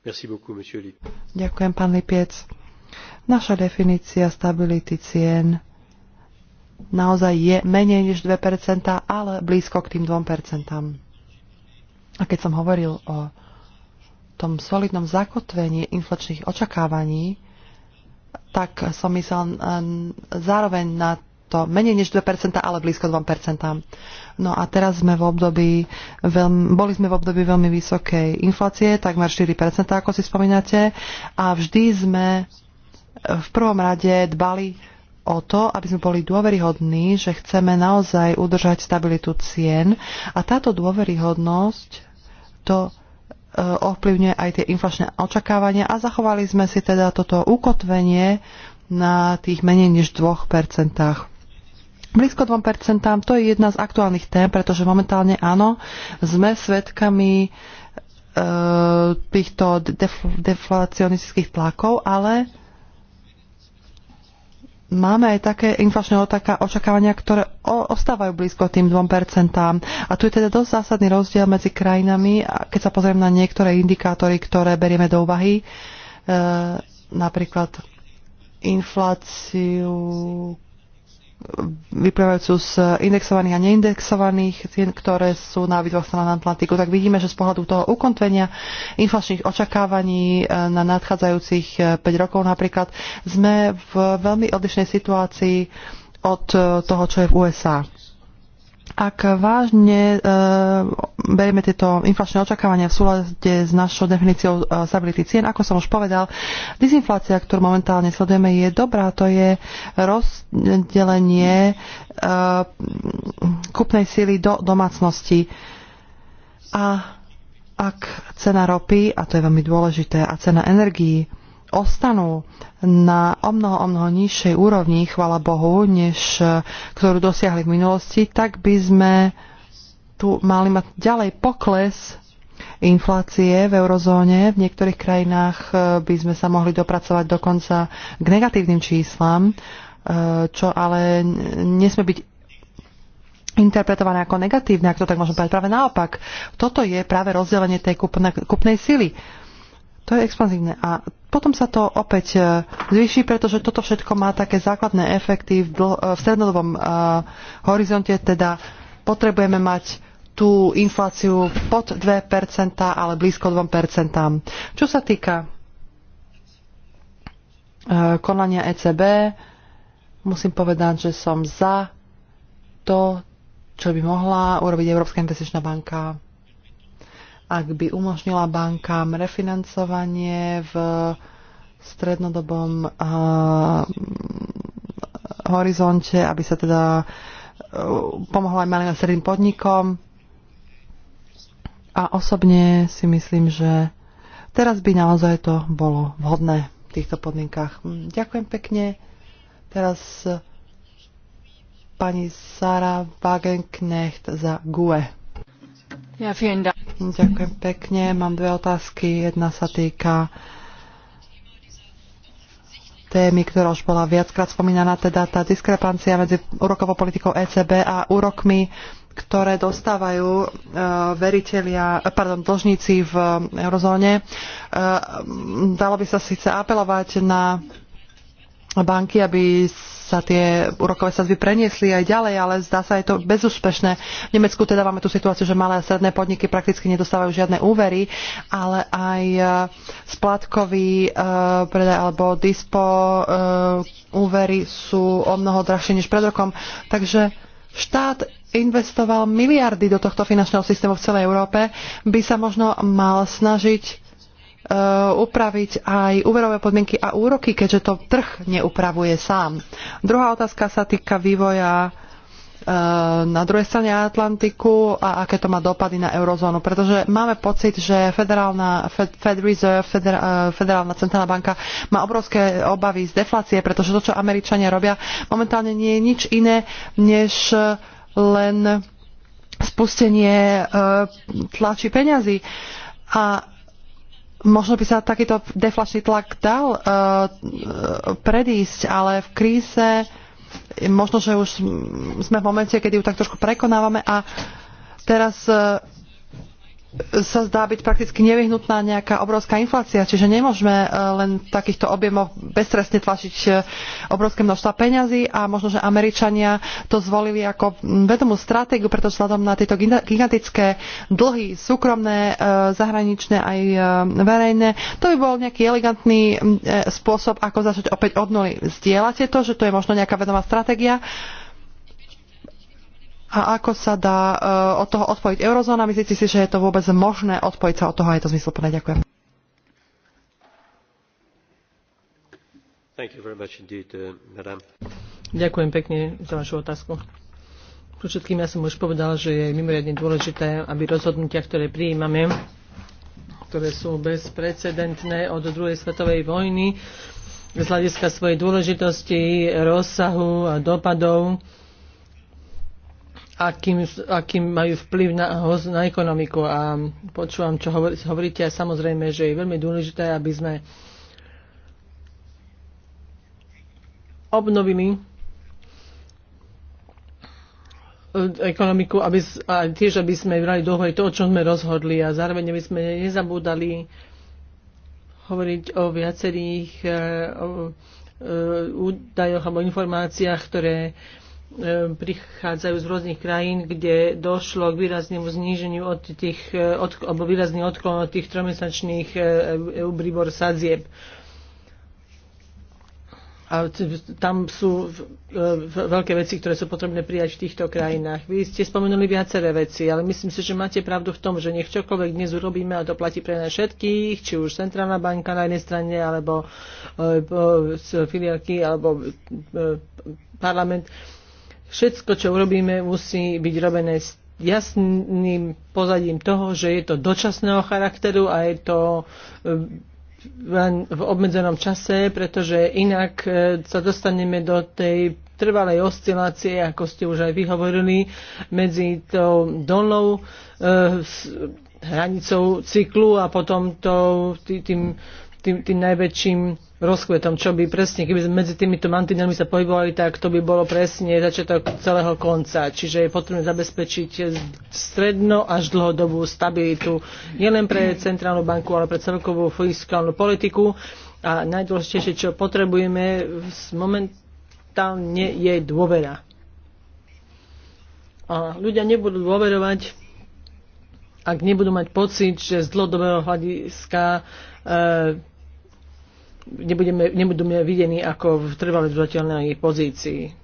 Merci beaucoup, monsieur Lip. Ďakujem, pán Lipiec. Naša definícia stability cien naozaj je menej než 2%, ale blízko k tým 2%. A keď som hovoril o tom solidnom zakotvení inflačných očakávaní, tak som myslel zároveň na to menej než 2%, ale blízko 2%. No a teraz sme v období, veľmi, boli sme v období veľmi vysokej inflácie, takmer 4%, ako si spomínate, a vždy sme v prvom rade dbali o to, aby sme boli dôveryhodní, že chceme naozaj udržať stabilitu cien a táto dôveryhodnosť to e, ovplyvňuje aj tie inflačné očakávania a zachovali sme si teda toto ukotvenie na tých menej než 2%. Blízko 2% to je jedna z aktuálnych tém, pretože momentálne áno, sme svedkami e, týchto defl- deflacionistických tlakov, ale máme aj také inflačné očakávania, ktoré ostávajú blízko tým 2%. A tu je teda dosť zásadný rozdiel medzi krajinami. A keď sa pozrieme na niektoré indikátory, ktoré berieme do úvahy, e, napríklad infláciu, vyplývajúcu z indexovaných a neindexovaných cien, ktoré sú na obidvoch stranách Atlantiku, tak vidíme, že z pohľadu toho ukontvenia inflačných očakávaní e, na nadchádzajúcich 5 e, rokov napríklad sme v veľmi odlišnej situácii od e, toho, čo je v USA. Ak vážne e, berieme tieto inflačné očakávania v súlade s našou definíciou e, stability cien, ako som už povedal, disinflácia, ktorú momentálne sledujeme, je dobrá. To je rozdelenie e, kupnej síly do domácnosti. A ak cena ropy, a to je veľmi dôležité, a cena energií ostanú na o mnoho, o mnoho nižšej úrovni, chvala Bohu, než e, ktorú dosiahli v minulosti, tak by sme tu mali mať ďalej pokles inflácie v eurozóne. V niektorých krajinách e, by sme sa mohli dopracovať dokonca k negatívnym číslam, e, čo ale nesme byť interpretované ako negatívne, ak to tak môžem povedať. Práve naopak, toto je práve rozdelenie tej kupne, kupnej sily. To je expanzívne. A potom sa to opäť e, zvýši, pretože toto všetko má také základné efekty v, dl- e, v strednodobom uh, horizonte, teda potrebujeme mať tú infláciu pod 2%, ale blízko 2%. Čo sa týka uh, konania ECB, musím povedať, že som za to, čo by mohla urobiť Európska investičná banka ak by umožnila bankám refinancovanie v strednodobom uh, horizonte, aby sa teda uh, aj malým a stredným podnikom. A osobne si myslím, že teraz by naozaj to bolo vhodné v týchto podmienkach. Mm, ďakujem pekne. Teraz e, pani Sara Wagenknecht za GUE. Ja, vielen Dank. Ďakujem pekne. Mám dve otázky. Jedna sa týka témy, ktorá už bola viackrát spomínaná, teda tá diskrepancia medzi úrokovou politikou ECB a úrokmi, ktoré dostávajú e, veritelia, pardon, dlžníci v eurozóne. E, dalo by sa síce apelovať na banky, aby sa tie úrokové sazby preniesli aj ďalej, ale zdá sa je to bezúspešné. V Nemecku teda máme tú situáciu, že malé a stredné podniky prakticky nedostávajú žiadne úvery, ale aj e, splátkový e, predaj alebo dispo e, úvery sú o mnoho drahšie než pred rokom. Takže štát investoval miliardy do tohto finančného systému v celej Európe, by sa možno mal snažiť Eh, upraviť aj úverové podmienky a úroky, keďže to trh neupravuje sám. Druhá otázka sa týka vývoja eh, na druhej strane Atlantiku a aké to má dopady na eurozónu. Pretože máme pocit, že federálna, Fed Reserve, eh, federálna centrálna banka má obrovské obavy z deflácie, pretože to, čo Američania robia, momentálne nie je nič iné, než len spustenie tlači peňazí. A možno by sa takýto deflačný tlak dal uh, predísť, ale v kríze možno, že už sme v momente, kedy ju tak trošku prekonávame a teraz uh, sa zdá byť prakticky nevyhnutná nejaká obrovská inflácia, čiže nemôžeme e, len v takýchto objemoch bezstresne tlačiť e, obrovské množstva peňazí a možno, že Američania to zvolili ako vedomú stratégiu, pretože vzhľadom na tieto gigantické dlhy, súkromné, e, zahraničné aj verejné, to by bol nejaký elegantný spôsob, ako začať opäť od nuly. Zdieľate to, že to je možno nejaká vedomá stratégia? a ako sa dá eh, od toho odpojiť eurozóna. Myslíte si, že je to vôbec možné odpojiť sa od toho a je to zmysluplné? Ďakujem. Indeed, uh, Ďakujem pekne za vašu otázku. Pre všetkým ja som už povedal, že je mimoriadne dôležité, aby rozhodnutia, ktoré prijímame, ktoré sú bezprecedentné od druhej svetovej vojny, z hľadiska svojej dôležitosti, rozsahu a dopadov, akým, akým majú vplyv na, na ekonomiku. A počúvam, čo hovor, hovoríte a samozrejme, že je veľmi dôležité, aby sme obnovili e, ekonomiku, aby, a tiež aby sme vrali do to, o čom sme rozhodli a zároveň aby sme nezabúdali hovoriť o viacerých e, o, e, údajoch alebo informáciách, ktoré E, prichádzajú z rôznych krajín, kde došlo k výraznému zníženiu od tých, e, od, alebo výrazný odklon od tých tromesačných Euribor e, sadzieb. A tam sú veľké veci, ktoré sú potrebné prijať v týchto krajinách. Vy ste spomenuli viaceré veci, ale myslím si, že máte pravdu v tom, že nech čokoľvek dnes urobíme a to platí pre nás všetkých, či už Centrálna banka na jednej strane, alebo filiálky, alebo parlament, Všetko, čo urobíme, musí byť robené s jasným pozadím toho, že je to dočasného charakteru a je to e, len v obmedzenom čase, pretože inak e, sa dostaneme do tej trvalej oscilácie, ako ste už aj vyhovorili, medzi tou dolnou e, hranicou cyklu a potom to, tým tým, tým najväčším rozkvetom, čo by presne, keby medzi týmito mantinelmi sa pohybovali, tak to by bolo presne začiatok celého konca. Čiže je potrebné zabezpečiť stredno až dlhodobú stabilitu nielen pre centrálnu banku, ale pre celkovú fiskálnu politiku. A najdôležitejšie, čo potrebujeme momentálne, je dôvera. A ľudia nebudú dôverovať, ak nebudú mať pocit, že z dlhodobého hľadiska e, nebudeme, nebudeme videní ako v trvale zvateľnej pozícii.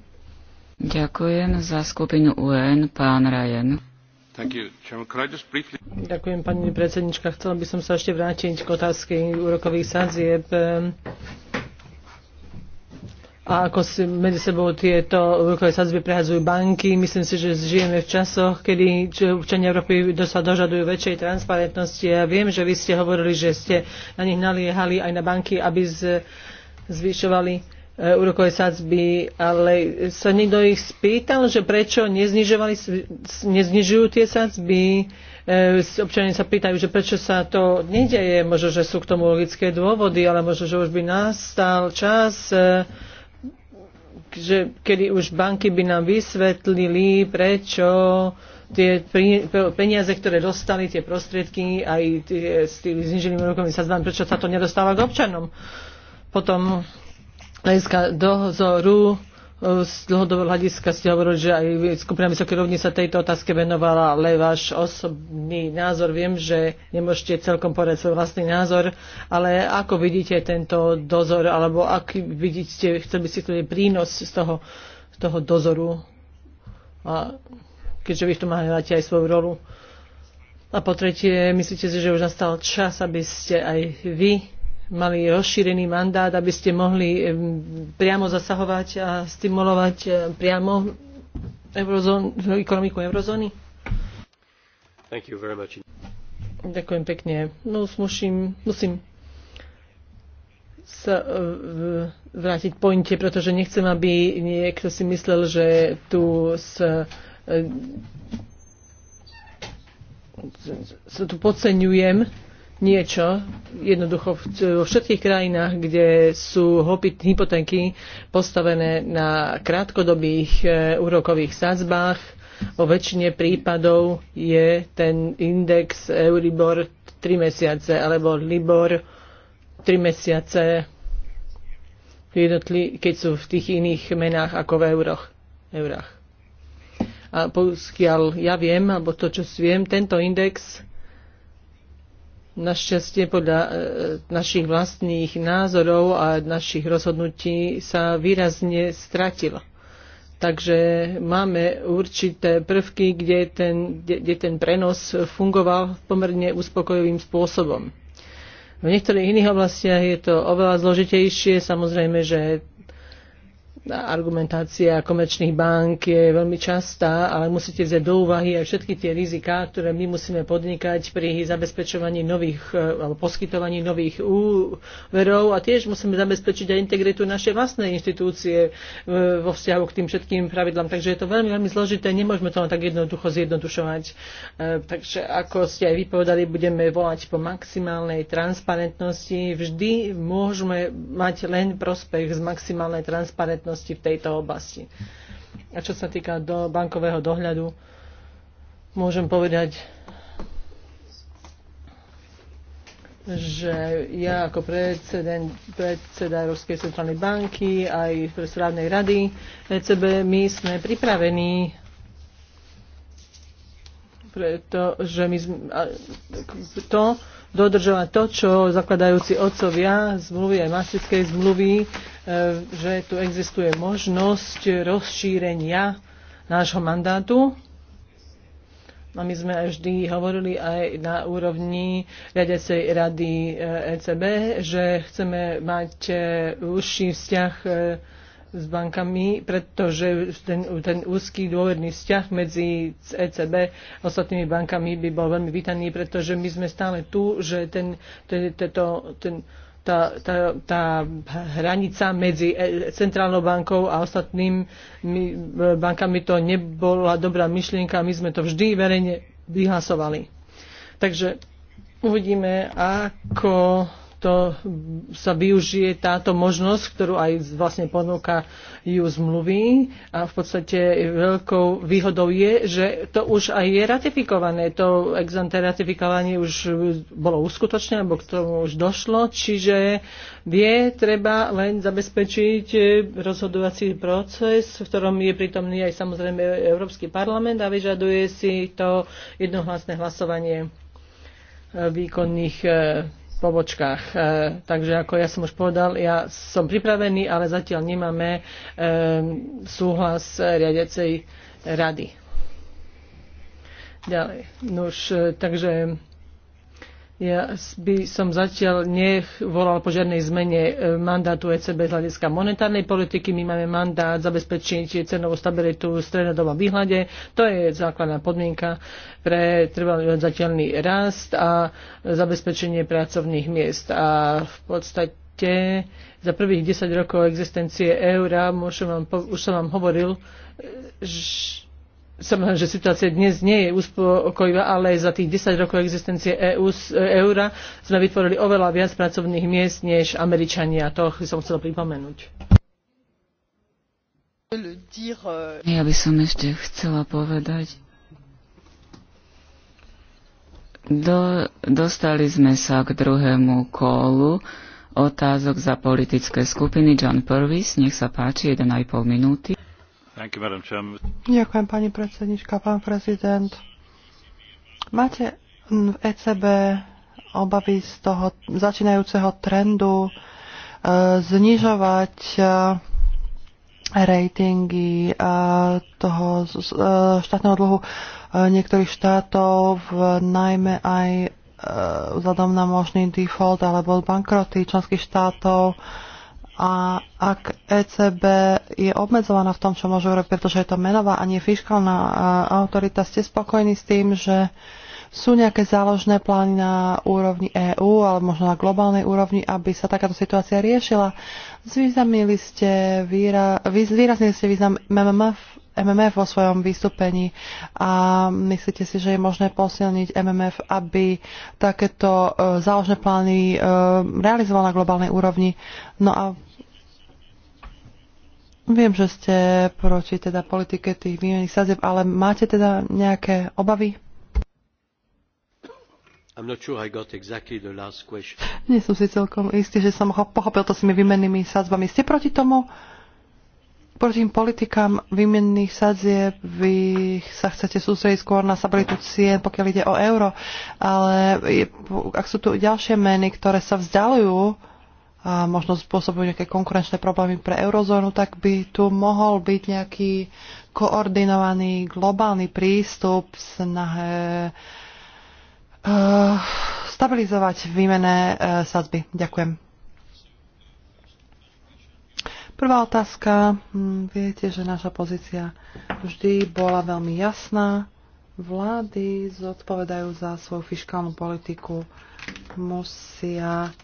Ďakujem za skupinu UN, pán Ryan. Briefly... Ďakujem, pani predsednička. Chcela by som sa ešte vrátiť k otázke úrokových sadzieb a ako si medzi sebou tieto úrokové sadzby prehádzajú banky. Myslím si, že žijeme v časoch, kedy občania Európy dosa dožadujú väčšej transparentnosti. Ja viem, že vy ste hovorili, že ste na nich naliehali aj na banky, aby z, zvyšovali e, úrokové sadzby, ale sa niekto ich spýtal, že prečo neznižovali, neznižujú tie sadzby. E, občania sa pýtajú, že prečo sa to nedeje. Možno, že sú k tomu logické dôvody, ale možno, že už by nastal čas e, že kedy už banky by nám vysvetlili, prečo tie peniaze, ktoré dostali, tie prostriedky aj tie, s tými zniženými rokovými sadzbami, prečo sa to nedostáva k občanom. Potom hľadiska dozoru z dlhodobého hľadiska ste hovorili, že aj skupina vysokej rovni sa tejto otázke venovala, ale váš osobný názor, viem, že nemôžete celkom povedať svoj vlastný názor, ale ako vidíte tento dozor, alebo aký vidíte, chcel by si tu prínos z toho, z toho dozoru, a keďže vy tu máte aj svoju rolu. A po tretie, myslíte si, že už nastal čas, aby ste aj vy mali rozšírený mandát, aby ste mohli priamo zasahovať a stimulovať priamo eurozón, ekonomiku eurozóny? Thank you very much. Ďakujem pekne. No, musím, musím sa e, vrátiť pointe, pretože nechcem, aby niekto si myslel, že tu s e, sa tu podceňujem niečo. Jednoducho vo všetkých krajinách, kde sú hypotéky postavené na krátkodobých e, úrokových sadzbách, vo väčšine prípadov je ten index Euribor 3 mesiace alebo Libor 3 mesiace, keď sú v tých iných menách ako v euroch, eurách. A pokiaľ ja viem, alebo to, čo si viem, tento index našťastie podľa e, našich vlastných názorov a našich rozhodnutí sa výrazne stratilo. Takže máme určité prvky, kde ten, kde ten prenos fungoval pomerne uspokojivým spôsobom. V niektorých iných oblastiach je to oveľa zložitejšie. Samozrejme, že argumentácia komerčných bank je veľmi častá, ale musíte vziať do úvahy aj všetky tie riziká, ktoré my musíme podnikať pri zabezpečovaní nových e, alebo poskytovaní nových úverov a tiež musíme zabezpečiť aj integritu našej vlastnej inštitúcie e, vo vzťahu k tým všetkým pravidlám. Takže je to veľmi, veľmi zložité, nemôžeme to len tak jednoducho zjednodušovať. E, takže ako ste aj vypovedali, budeme volať po maximálnej transparentnosti. Vždy môžeme mať len prospech z maximálnej transparentnosti skúsenosti v tejto oblasti. A čo sa týka do bankového dohľadu, môžem povedať, že ja ako predseden, predseda Európskej centrálnej banky aj pre správnej rady ECB, my sme pripravení pretože my to dodržovať to, čo zakladajúci otcovia zmluvy aj mastickej zmluvy E, že tu existuje možnosť rozšírenia nášho mandátu. A no, my sme aj vždy hovorili aj na úrovni riadiacej rady ECB, e že chceme mať e, užší vzťah s bankami, pretože ten, ten úzký dôverný vzťah medzi ECB a ostatnými bankami by bol veľmi vítaný, pretože my sme stále tu, že ten, ten, tento, ten, ten tá, tá, tá hranica medzi e, centrálnou bankou a ostatnými e, bankami to nebola dobrá myšlienka. My sme to vždy verejne vyhlasovali. Takže uvidíme, ako to sa využije táto možnosť, ktorú aj vlastne ponúka ju zmluví. A v podstate veľkou výhodou je, že to už aj je ratifikované. To exante ratifikovanie už bolo uskutočné, alebo k tomu už došlo. Čiže vie, treba len zabezpečiť rozhodovací proces, v ktorom je prítomný aj samozrejme Európsky parlament a vyžaduje si to jednohlasné hlasovanie výkonných pobočkách. E, takže ako ja som už povedal, ja som pripravený, ale zatiaľ nemáme e, súhlas riadiacej rady. Ďalej. Nož, e, takže ja by som zatiaľ nech volal po žiadnej zmene eh, mandátu ECB z hľadiska monetárnej politiky. My máme mandát zabezpečiť cenovú stabilitu v strednodobom výhľade. To je základná podmienka pre trvalý zatiaľný rast a zabezpečenie pracovných miest. A v podstate za prvých 10 rokov existencie eura, vám, už som vám hovoril, že eh, Samozrejme, že situácia dnes nie je uspokojivá, ale za tých 10 rokov existencie EU, e, eura sme vytvorili oveľa viac pracovných miest než Američania. To som chcel pripomenúť. Ja by som ešte chcela povedať. Do, dostali sme sa k druhému kolu otázok za politické skupiny. John Purvis, nech sa páči, 1,5 minúty. Ďakujem, pani predsednička, pán prezident. Máte v ECB obavy z toho začínajúceho trendu e, znižovať e, ratingy e, toho štátneho dlhu niektorých štátov, najmä aj vzhľadom na možný default alebo bankroty členských štátov. A ak ECB je obmedzovaná v tom, čo môže urobiť, pretože je to menová a nie fiskálna autorita, ste spokojní s tým, že sú nejaké záložné plány na úrovni EÚ, ale možno na globálnej úrovni, aby sa takáto situácia riešila. Zvýznamili ste výra, výraznili ste význam MMF, MMF vo svojom vystúpení a myslíte si, že je možné posilniť MMF, aby takéto e, záložné plány e, realizoval na globálnej úrovni. No a Viem, že ste proti teda politike tých výmených sadzieb, ale máte teda nejaké obavy? I'm not sure I got exactly the last question. Nie som si celkom istý, že som ho pochopil to s tými výmennými sadzbami. Ste proti tomu? Proti politikám výmenných sadzieb vy sa chcete sústrediť skôr na stabilitu cien, pokiaľ ide o euro, ale ak sú tu ďalšie meny, ktoré sa vzdalujú a možno spôsobujú nejaké konkurenčné problémy pre eurozónu, tak by tu mohol byť nejaký koordinovaný globálny prístup snahe eh, stabilizovať výmené eh, sadzby. Ďakujem. Prvá otázka. Hm, viete, že naša pozícia vždy bola veľmi jasná. Vlády zodpovedajú za svoju fiskálnu politiku, musia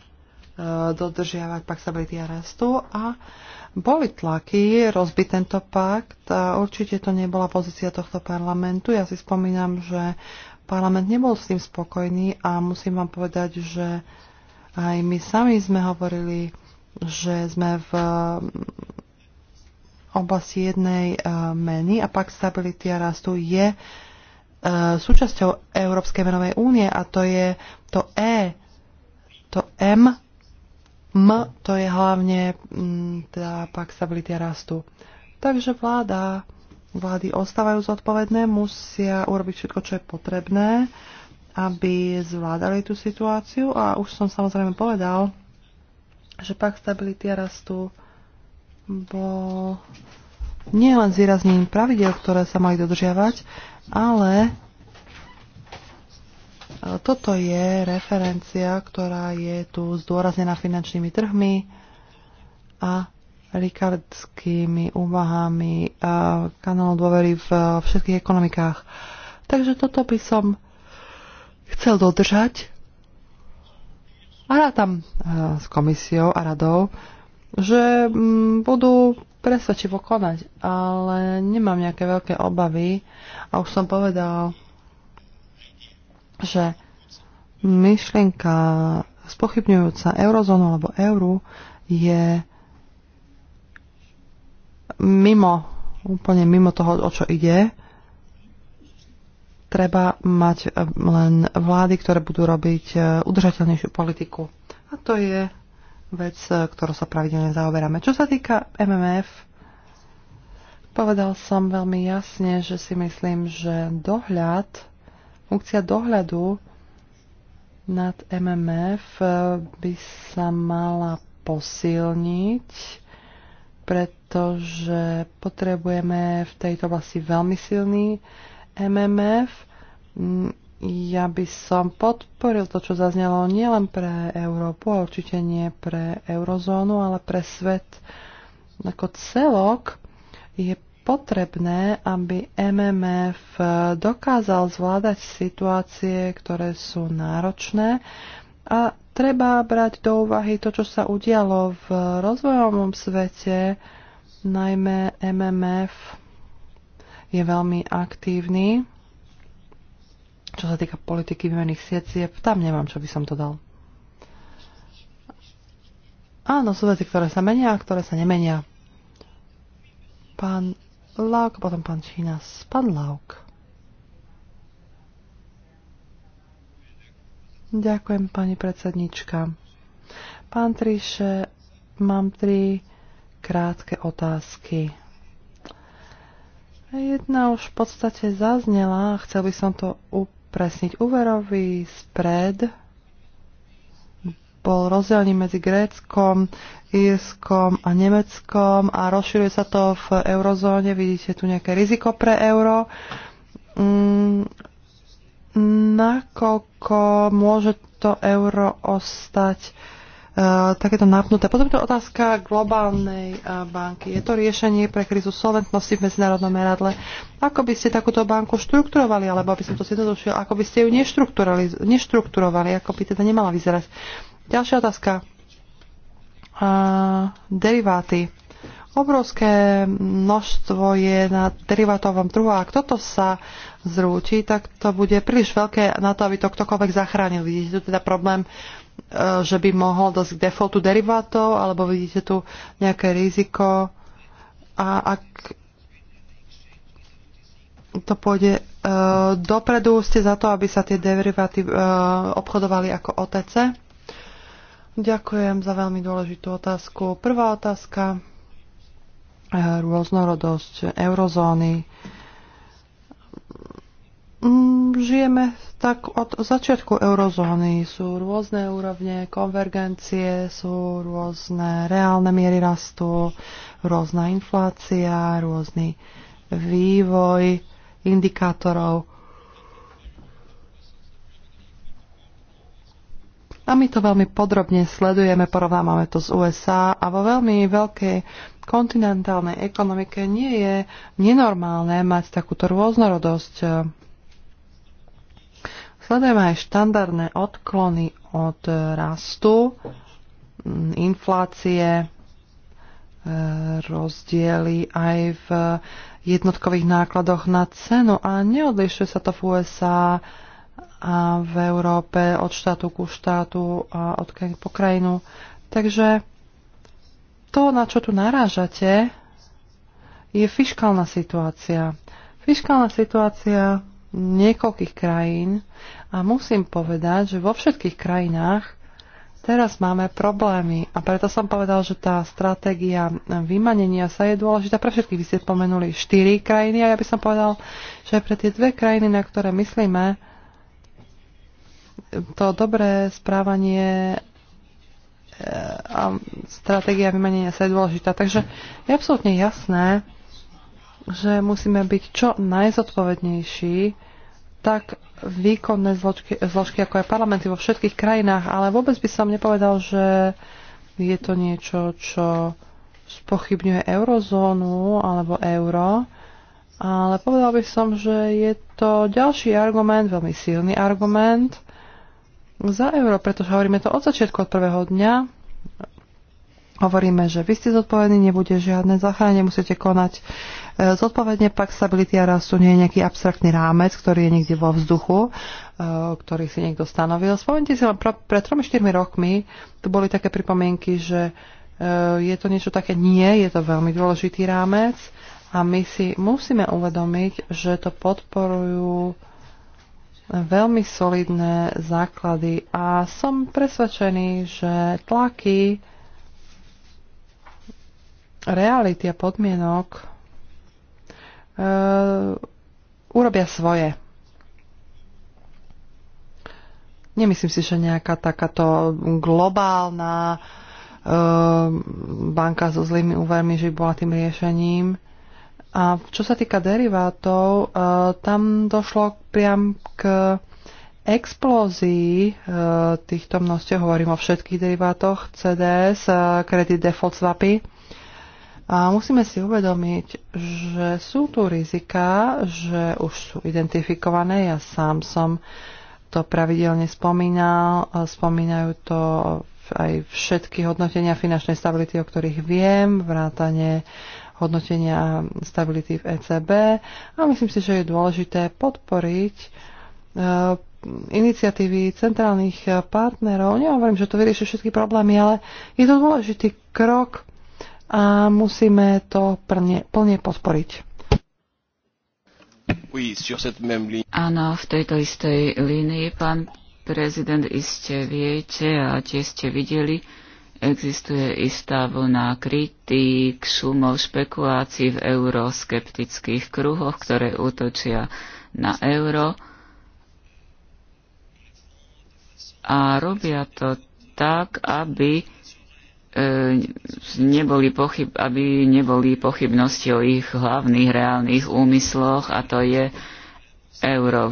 Eh, dodržiavať pak stability a rastu a boli tlaky rozbiť tento pakt a určite to nebola pozícia tohto parlamentu. Ja si spomínam, že parlament nebol s tým spokojný a musím vám povedať, že aj my sami sme hovorili, že sme v eh, oblasti jednej eh, meny a pak stability a rastu je súčasťou Európskej menovej únie a to je to E, to M M to je hlavne mm, teda pak stabilita rastu. Takže vláda, vlády ostávajú zodpovedné, musia urobiť všetko, čo je potrebné, aby zvládali tú situáciu a už som samozrejme povedal, že pak stability a rastu bol nielen zvýraznením pravidel, ktoré sa mali dodržiavať, ale toto je referencia, ktorá je tu zdôraznená finančnými trhmi a rikardskými úvahami kanálu dôvery v všetkých ekonomikách. Takže toto by som chcel dodržať a rád tam e, s komisiou a radou, že mm, budú presvedčivo konať, ale nemám nejaké veľké obavy a už som povedal že myšlienka spochybňujúca eurozónu alebo euru je mimo, úplne mimo toho, o čo ide. Treba mať eh, len vlády, ktoré budú robiť eh, udržateľnejšiu politiku. A to je vec, eh, ktorú sa pravidelne zaoberáme. Čo sa týka MMF, povedal som veľmi jasne, že si myslím, že dohľad Funkcia dohľadu nad MMF eh, by sa mala posilniť, pretože potrebujeme v tejto oblasti veľmi silný MMF. Ja by som podporil to, čo zaznelo nielen pre Európu, a určite nie pre eurozónu, ale pre svet ako celok. Je potrebné, aby MMF dokázal zvládať situácie, ktoré sú náročné a treba brať do úvahy to, čo sa udialo v rozvojovom svete, najmä MMF je veľmi aktívny. Čo sa týka politiky vymených siecieb, tam nemám, čo by som to dal. Áno, sú veci, ktoré sa menia a ktoré sa nemenia. Pán Lauk, potom pán Čínas. Pán Lauk. Ďakujem, pani predsednička. Pán Triše, mám tri krátke otázky. Jedna už v podstate zaznela, chcel by som to upresniť. Úverový spread bol rozdelený medzi Gréckom, Írskom a Nemeckom a rozširuje sa to v eurozóne. Vidíte tu nejaké riziko pre euro. Mm, nakoľko môže to euro ostať uh, takéto napnuté. Potom je to otázka globálnej uh, banky. Je to riešenie pre krízu solventnosti v medzinárodnom meradle? Ako by ste takúto banku štrukturovali, alebo aby som to zjednodušil, ako by ste ju neštrukturovali ako by teda nemala vyzerať? Ďalšia otázka. Uh, deriváty. Obrovské množstvo je na derivátovom trhu a ak toto sa zrúti, tak to bude príliš veľké na to, aby to ktokoľvek zachránil. Vidíte tu teda problém, uh, že by mohol dosť k defaultu derivátov, alebo vidíte tu nejaké riziko. A ak to pôjde uh, dopredu, ste za to, aby sa tie deriváty uh, obchodovali ako OTC? Ďakujem za veľmi dôležitú otázku. Prvá otázka. Eh, Rôznorodosť eurozóny. Mm, žijeme tak od začiatku eurozóny. Sú rôzne úrovne konvergencie, sú rôzne reálne miery rastu, rôzna inflácia, rôzny vývoj indikátorov A my to veľmi podrobne sledujeme, porovnávame to s USA a vo veľmi veľkej kontinentálnej ekonomike nie je nenormálne mať takúto rôznorodosť. Sledujeme aj štandardné odklony od eh, rastu, mm, inflácie, eh, rozdiely aj v jednotkových nákladoch na cenu a neodlišuje sa to v USA a v Európe od štátu ku štátu a od krajiny po krajinu. Takže to, na čo tu narážate, je fiškálna situácia. Fiškálna situácia niekoľkých krajín a musím povedať, že vo všetkých krajinách teraz máme problémy a preto som povedal, že tá stratégia vymanenia sa je dôležitá pre všetkých. Vy ste spomenuli štyri krajiny a ja by som povedal, že pre tie dve krajiny, na ktoré myslíme, to dobré správanie e, a stratégia vymenenia sa je dôležitá. Takže je absolútne jasné, že musíme byť čo najzodpovednejší, tak výkonné zložky, zložky ako aj parlamenty vo všetkých krajinách, ale vôbec by som nepovedal, že je to niečo, čo spochybňuje eurozónu alebo euro, ale povedal by som, že je to ďalší argument, veľmi silný argument, za euro, pretože hovoríme to od začiatku, od prvého dňa. Hovoríme, že vy ste zodpovední, nebude žiadne zachránenie, musíte konať e, zodpovedne. Pak stability a rastu nie je nejaký abstraktný rámec, ktorý je niekde vo vzduchu, e, ktorý si niekto stanovil. Spomnite si, pred 3-4 rokmi tu boli také pripomienky, že e, je to niečo také nie, je to veľmi dôležitý rámec a my si musíme uvedomiť, že to podporujú veľmi solidné základy a som presvedčený, že tlaky reality a podmienok e, urobia svoje. Nemyslím si, že nejaká takáto globálna e, banka so zlými úvermi, že by bola tým riešením. A čo sa týka derivátov, e, tam došlo priam k explózii e, týchto množstiev, hovorím o všetkých derivátoch, CDS, e, kredit default swapy. A musíme si uvedomiť, že sú tu rizika, že už sú identifikované. Ja sám som to pravidelne spomínal. Spomínajú to aj všetky hodnotenia finančnej stability, o ktorých viem, vrátane hodnotenia stability v ECB a myslím si, že je dôležité podporiť e, iniciatívy centrálnych partnerov. Nehovorím, že to vyrieši všetky problémy, ale je to dôležitý krok a musíme to plne, plne podporiť. Áno, v tejto istej línii, pán prezident, iste viete a tie ste videli, Existuje istá vlna kritík, šumov, špekulácií v euroskeptických kruhoch, ktoré útočia na euro a robia to tak, aby e, neboli, pochyb, aby neboli pochybnosti o ich hlavných reálnych úmysloch a to je euro.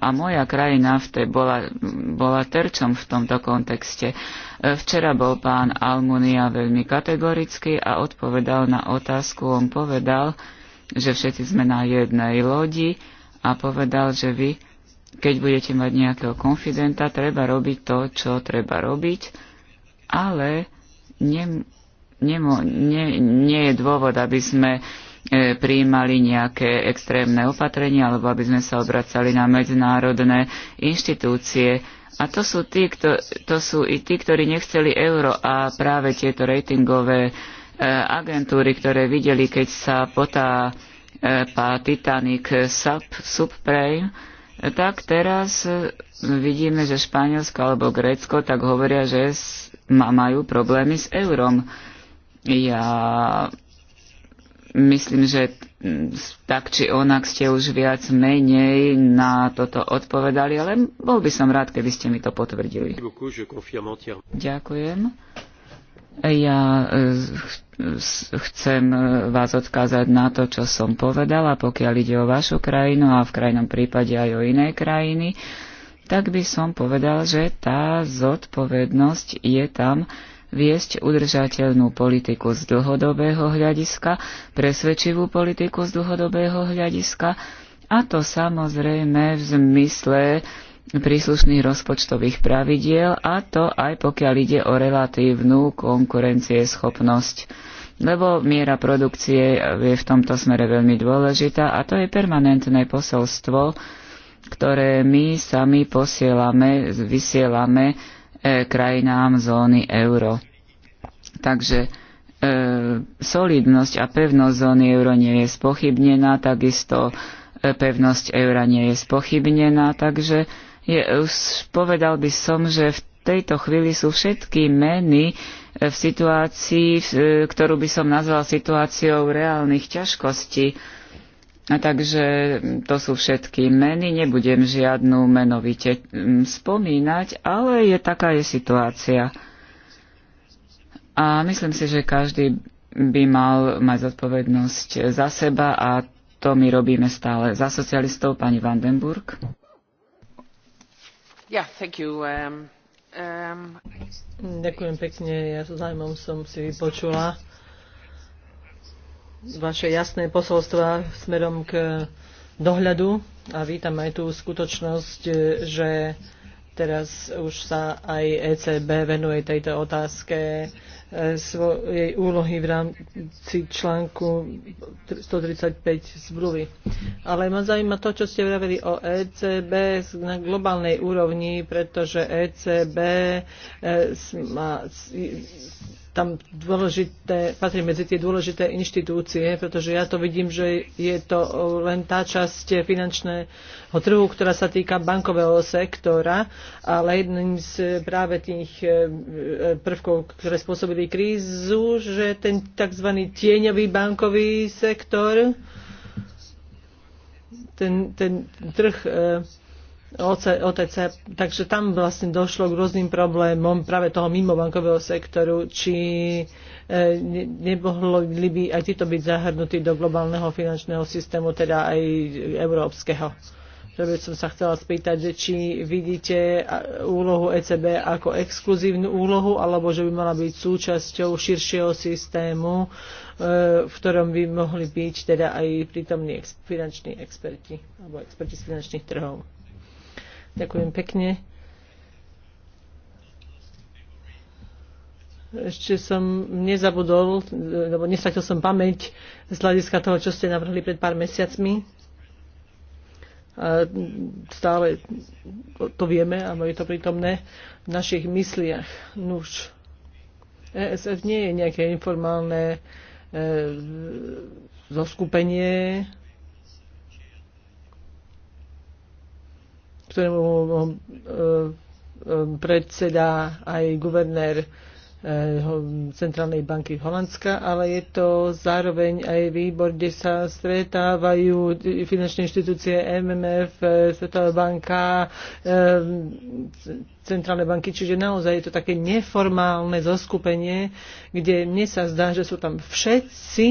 A moja krajina v tej bola, bola terčom v tomto kontexte. E, včera bol pán Almunia veľmi kategorický a odpovedal na otázku. On povedal, že všetci sme na jednej lodi a povedal, že vy, keď budete mať nejakého konfidenta, treba robiť to, čo treba robiť, ale nem, nemo, ne, nie je dôvod, aby sme E, prijímali nejaké extrémne opatrenia alebo aby sme sa obracali na medzinárodné inštitúcie. A to sú, tí, kto, to sú i tí, ktorí nechceli euro a práve tieto ratingové e, agentúry, ktoré videli, keď sa potá e, pá Titanic sub, subprime, tak teraz vidíme, že Španielsko alebo Grécko tak hovoria, že majú problémy s eurom. Ja Myslím, že tak či onak ste už viac menej na toto odpovedali, ale bol by som rád, keby ste mi to potvrdili. Ďakujem. Ja e, e, chcem e, vás odkázať na to, čo som povedala, pokiaľ ide o vašu krajinu a v krajnom prípade aj o iné krajiny, tak by som povedal, že tá zodpovednosť je tam viesť udržateľnú politiku z dlhodobého hľadiska, presvedčivú politiku z dlhodobého hľadiska, a to samozrejme v zmysle príslušných rozpočtových pravidiel, a to aj pokiaľ ide o relatívnu konkurencieschopnosť lebo miera produkcie je v tomto smere veľmi dôležitá a to je permanentné posolstvo, ktoré my sami posielame, vysielame krajinám zóny euro. Takže e, solidnosť a pevnosť zóny euro nie je spochybnená, takisto e, pevnosť eura nie je spochybnená, takže je, už povedal by som, že v tejto chvíli sú všetky meny e, v situácii, e, ktorú by som nazval situáciou reálnych ťažkostí a takže mm, to sú všetky meny, nebudem žiadnu menovite mm, spomínať, ale je taká je situácia. A myslím si, že každý by mal mať zodpovednosť za seba a to my robíme stále. Za socialistov pani Vandenburg. Yeah, thank you. Um, um... Ďakujem pekne, ja so zájmom som si vypočula vaše jasné posolstva smerom k dohľadu a vítam aj tú skutočnosť, že Teraz už sa aj ECB venuje tejto otázke e, svojej úlohy v rámci článku 135 zmluvy. Ale ma zaujíma to, čo ste vraveli o ECB na globálnej úrovni, pretože ECB e, má tam dôležité, patrí medzi tie dôležité inštitúcie, pretože ja to vidím, že je to len tá časť finančného trhu, ktorá sa týka bankového sektora, ale jedným z práve tých e, e, prvkov, ktoré spôsobili krízu, že ten tzv. tieňový bankový sektor, ten, ten trh e, OTC, takže tam vlastne došlo k rôznym problémom práve toho mimobankového sektoru, či e, nemohli by aj títo byť zahrnutí do globálneho finančného systému, teda aj európskeho. Že by som sa chcela spýtať, že či vidíte úlohu ECB ako exkluzívnu úlohu, alebo že by mala byť súčasťou širšieho systému, e, v ktorom by mohli byť teda aj prítomní finanční experti alebo experti z finančných trhov. Ďakujem pekne. Ešte som nezabudol, lebo nestratil som pamäť z hľadiska toho, čo ste navrhli pred pár mesiacmi. A stále to vieme a je to prítomné v našich mysliach. Nuž. ESF nie je nejaké informálne e, zoskupenie ktorému eh, predseda aj guvernér eh, Centrálnej banky Holandska, ale je to zároveň aj výbor, kde sa stretávajú finančné inštitúcie MMF, eh, Svetová banka, centrálne banky, čiže naozaj je to také neformálne zoskupenie, kde mne sa zdá, že sú tam všetci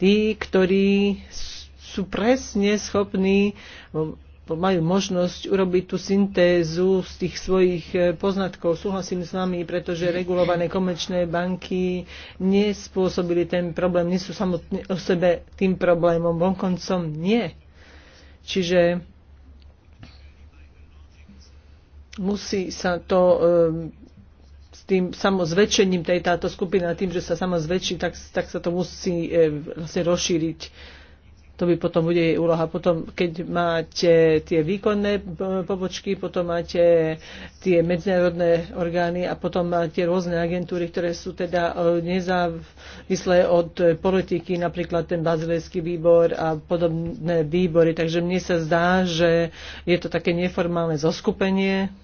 tí, ktorí sú presne schopní majú možnosť urobiť tú syntézu z tých svojich e, poznatkov. Súhlasím s vami, pretože regulované komerčné banky nespôsobili ten problém, nie sú samotné o sebe tým problémom, vonkoncom nie. Čiže musí sa to e, s tým samozväčšením tej táto skupina, tým, že sa samozväčší, tak, tak sa to musí e, vlastne rozšíriť to by potom bude jej úloha. Potom, keď máte tie výkonné pobočky, potom máte tie medzinárodné orgány a potom máte rôzne agentúry, ktoré sú teda e, nezávislé od politiky, napríklad ten bazilejský výbor a podobné výbory. Takže mne sa zdá, že je to také neformálne zoskupenie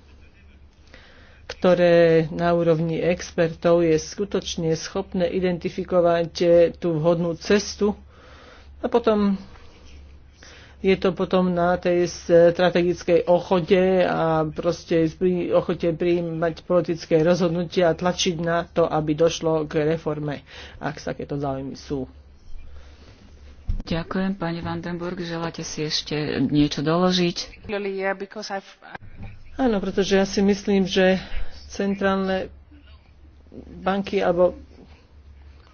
ktoré na úrovni expertov je skutočne schopné identifikovať e, tú vhodnú cestu a potom je to potom na tej strategickej ochote a proste ochote prijímať politické rozhodnutia a tlačiť na to, aby došlo k reforme, ak sa takéto záujmy sú. Ďakujem, pani Vandenburg. Želáte si ešte niečo doložiť? Áno, pretože ja si myslím, že centrálne banky alebo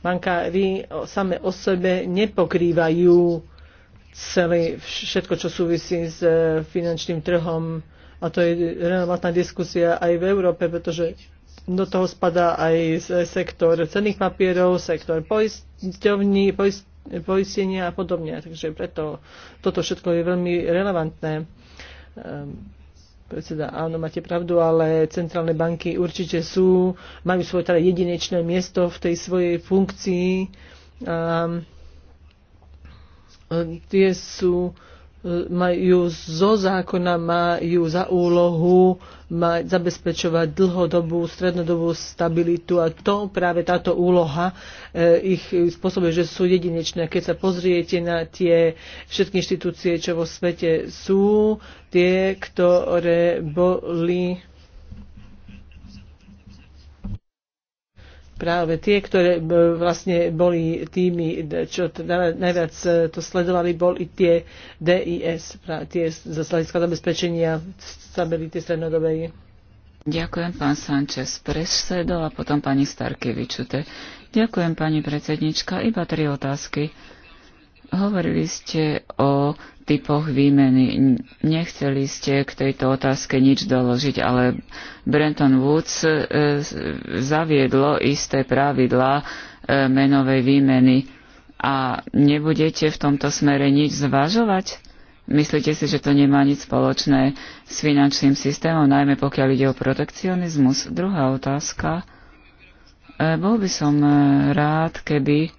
bankári same o sebe nepokrývajú celé, všetko, čo súvisí s e, finančným trhom. A to je relevantná diskusia aj v Európe, pretože do toho spadá aj sektor cenných papierov, sektor poisťovní, poist, poistenia a podobne. Takže preto toto všetko je veľmi relevantné. Um, Predseda, áno, máte pravdu, ale centrálne banky určite sú, majú svoje teda jedinečné miesto v tej svojej funkcii. Um, tie sú majú zo zákona majú za úlohu maj, zabezpečovať dlhodobú, strednodobú stabilitu a to práve táto úloha e, ich spôsobuje, že sú jedinečné. Keď sa pozriete na tie všetky inštitúcie, čo vo svete sú, tie, ktoré boli práve tie, ktoré e, vlastne boli tými, čo najviac e, to sledovali, boli tie DIS, práve tie zo hľadiska zabezpečenia stability strednodobej. Ďakujem pán Sanchez Presedo a potom pani Starkevičute. Ďakujem pani predsednička, iba tri otázky. Hovorili ste o typoch výmeny. Nechceli ste k tejto otázke nič doložiť, ale Brenton Woods e, zaviedlo isté pravidlá e, menovej výmeny. A nebudete v tomto smere nič zvažovať? Myslíte si, že to nemá nič spoločné s finančným systémom, najmä pokiaľ ide o protekcionizmus? Druhá otázka. E, bol by som rád, keby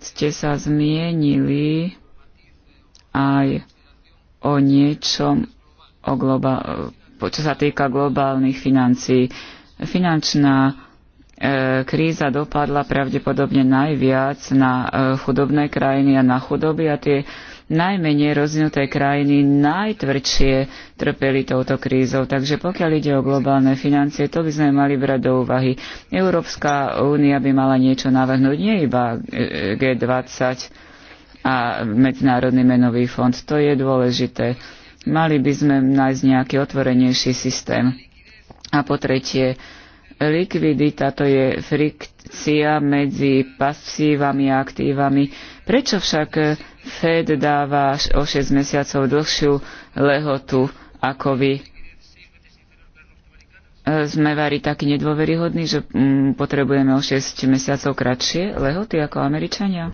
ste sa zmienili aj o niečom, o globa- čo sa týka globálnych financií. Finančná e, kríza dopadla pravdepodobne najviac na e, chudobné krajiny a na chudoby a tie najmenej rozvinuté krajiny najtvrdšie trpeli touto krízou. Takže pokiaľ ide o globálne financie, to by sme mali brať do úvahy. Európska únia by mala niečo navrhnúť, nie iba e, e, G20 a Medzinárodný menový fond. To je dôležité. Mali by sme nájsť nejaký otvorenejší systém. A po tretie, likvidita to je frikcia medzi pasívami a aktívami. Prečo však Fed dáva o 6 mesiacov dlhšiu lehotu ako vy. Sme vari takí nedôveryhodní, že mm, potrebujeme o 6 mesiacov kratšie lehoty ako Američania?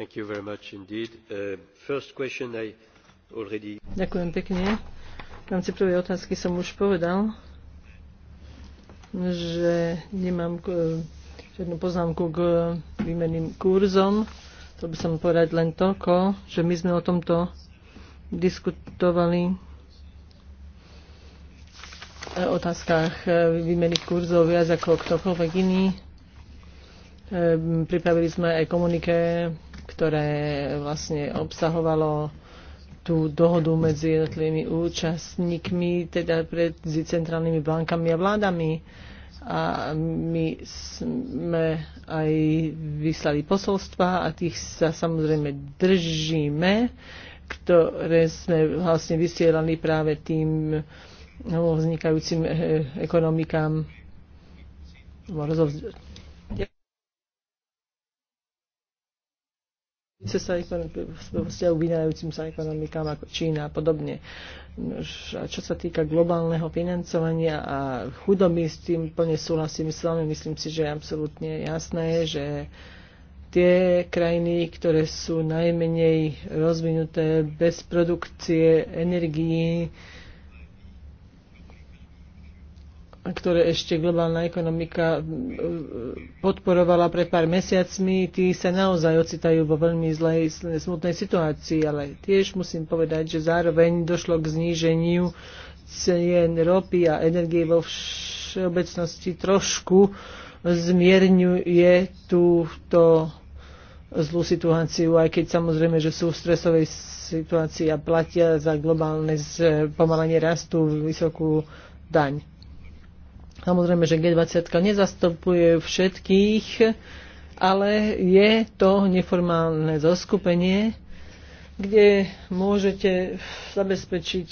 Thank you very much indeed. Uh, first question I already... Ďakujem pekne. V rámci prvej otázky som už povedal, že nemám uh, jednu poznámku k výmenným kurzom. To by som povedať len toľko, že my sme o tomto diskutovali o e, otázkach e, výmených kurzov viac ako ktokoľvek iný. E, pripravili sme aj komuniké, ktoré vlastne obsahovalo tú dohodu medzi jednotlivými účastníkmi, teda pred centrálnymi bankami a vládami a my sme aj vyslali posolstva a tých sa samozrejme držíme, ktoré sme vlastne vysielali práve tým no, vznikajúcim eh, eh, ekonomikám. sa sa vynajúcim sa ekonomikám ako Čína a podobne čo sa týka globálneho financovania a chudoby, s tým plne súhlasím s vami. Myslím si, že je absolútne jasné, že tie krajiny, ktoré sú najmenej rozvinuté bez produkcie energií, ktoré ešte globálna ekonomika e, podporovala pred pár mesiacmi, tí sa naozaj ocitajú vo veľmi zlej, smutnej situácii, ale tiež musím povedať, že zároveň došlo k zníženiu cien ropy a energie vo všeobecnosti trošku zmierňuje túto zlú situáciu, aj keď samozrejme, že sú v stresovej situácii a platia za globálne pomalenie rastu vysokú daň. Samozrejme, že G20 nezastupuje všetkých, ale je to neformálne zoskupenie, kde môžete zabezpečiť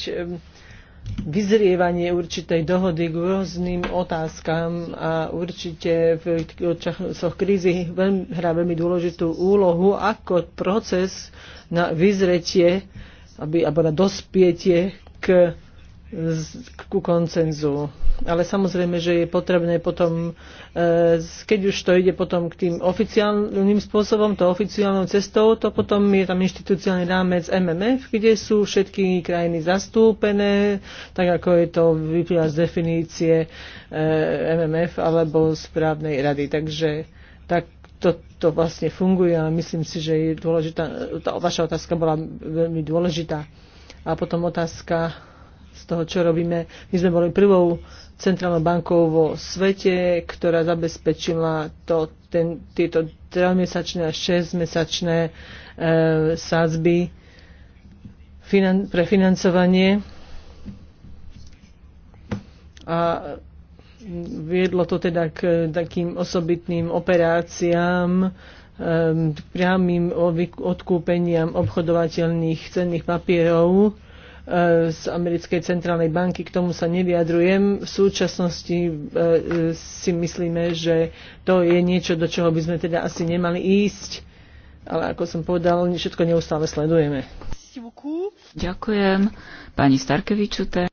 vyzrievanie určitej dohody k rôznym otázkam a určite v časoch krízy veľmi, hrá veľmi dôležitú úlohu ako proces na vyzretie aby, alebo na dospietie k ku koncenzu. Ale samozrejme, že je potrebné potom, e, keď už to ide potom k tým oficiálnym spôsobom, to oficiálnou cestou, to potom je tam inštitúciálny rámec MMF, kde sú všetky krajiny zastúpené, tak ako je to vyplýva z definície e, MMF alebo správnej rady. Takže tak to, to vlastne funguje a myslím si, že je dôležitá, e, tá vaša otázka bola veľmi dôležitá. A potom otázka z toho, čo robíme. My sme boli prvou centrálnou bankou vo svete, ktorá zabezpečila to, ten, tieto 3-mesačné a 6-mesačné e, sádzby finan- pre financovanie. A viedlo to teda k takým osobitným operáciám, e, priamým odkúpeniam obchodovateľných cenných papierov E, z americkej centrálnej banky, k tomu sa nevyjadrujem. V súčasnosti e, e, si myslíme, že to je niečo, do čoho by sme teda asi nemali ísť, ale ako som povedal, všetko neustále sledujeme. Ďakujem. Pani Starkevičute.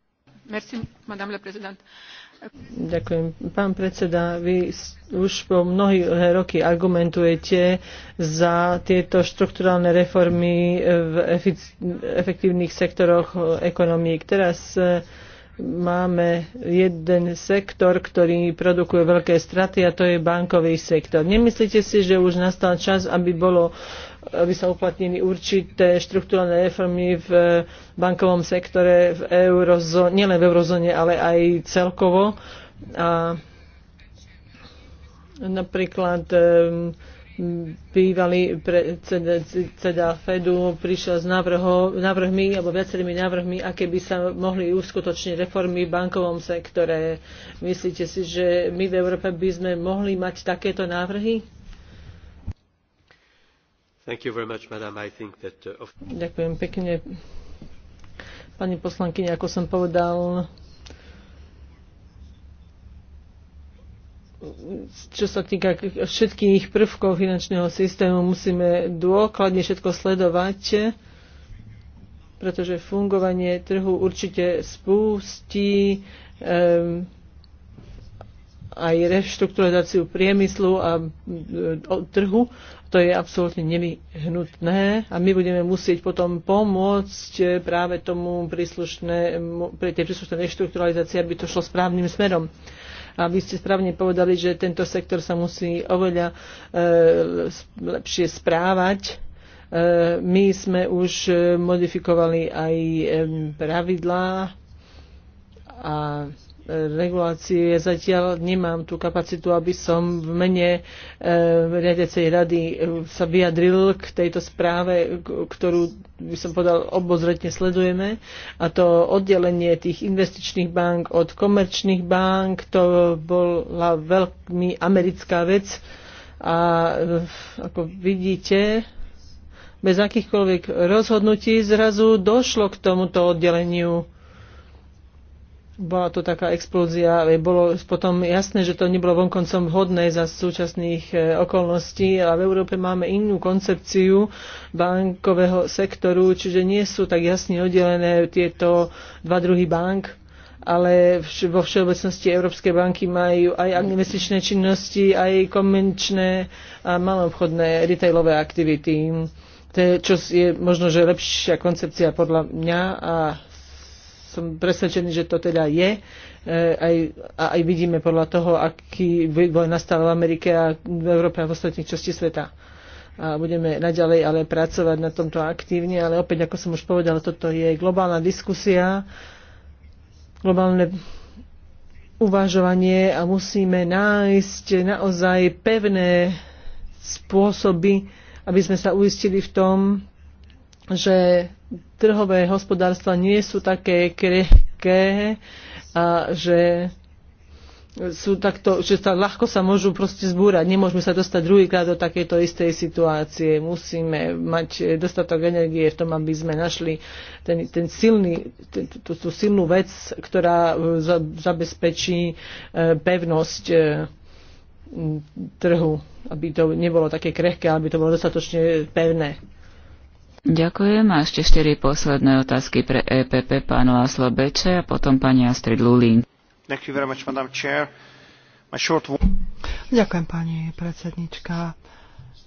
Merci, madame la présidente. Ďakujem. Pán predseda, vy už po mnohé roky argumentujete za tieto štrukturálne reformy v efektívnych sektoroch ekonomík. Teraz e, máme jeden sektor, ktorý produkuje veľké straty a to je bankový sektor. Nemyslíte si, že už nastal čas, aby bolo aby sa uplatnili určité štruktúrne reformy v bankovom sektore v eurozóne, nielen v eurozóne, ale aj celkovo. A napríklad bývalý predseda teda Fedu prišiel s návrho, návrhmi alebo viacerými návrhmi, aké by sa mohli uskutočniť reformy v bankovom sektore. Myslíte si, že my v Európe by sme mohli mať takéto návrhy? Uh, Ďakujem pekne. Pani poslankyne, ako som povedal, čo sa týka všetkých prvkov finančného systému, musíme dôkladne všetko sledovať, pretože fungovanie trhu určite spustí um, aj reštrukturalizáciu priemyslu a e, trhu to je absolútne nevyhnutné a my budeme musieť potom pomôcť práve tomu príslušné, pre tie príslušné reštrukturalizácie, aby to šlo správnym smerom. A vy ste správne povedali, že tento sektor sa musí oveľa e, lepšie správať. E, my sme už e, modifikovali aj e, pravidlá a regulácie Ja zatiaľ nemám tú kapacitu, aby som v mene e, riadecej rady e, sa vyjadril k tejto správe, ktorú by som povedal obozretne sledujeme. A to oddelenie tých investičných bank od komerčných bank, to bola veľmi americká vec. A e, ako vidíte, bez akýchkoľvek rozhodnutí zrazu došlo k tomuto oddeleniu bola to taká explózia, bolo potom jasné, že to nebolo vonkoncom vhodné za súčasných e, okolností a v Európe máme inú koncepciu bankového sektoru, čiže nie sú tak jasne oddelené tieto dva druhy bank ale vo všeobecnosti európske banky majú aj investičné činnosti, aj komerčné a maloobchodné retailové aktivity. To je, čo je možno, že lepšia koncepcia podľa mňa a som presvedčený, že to teda je. Eh, aj, aj vidíme podľa toho, aký vývoj nastal v Amerike a v Európe a v ostatných časti sveta. A budeme naďalej ale pracovať na tomto aktívne, ale opäť, ako som už povedala, toto je globálna diskusia, globálne uvažovanie a musíme nájsť naozaj pevné spôsoby, aby sme sa uistili v tom, že trhové hospodárstva nie sú také krehké a že sú takto, že sa ľahko sa môžu proste zbúrať. Nemôžeme sa dostať druhýkrát do takejto istej situácie. Musíme mať dostatok energie v tom, aby sme našli ten, ten silný, ten, tú, tú silnú vec, ktorá e, zabezpečí e, pevnosť e, trhu, aby to nebolo také krehké, aby to bolo dostatočne pevné. Ďakujem a ešte štyri posledné otázky pre EPP, pán Láslo Beče a potom pani Astrid Lulín. Ďakujem, pani predsednička.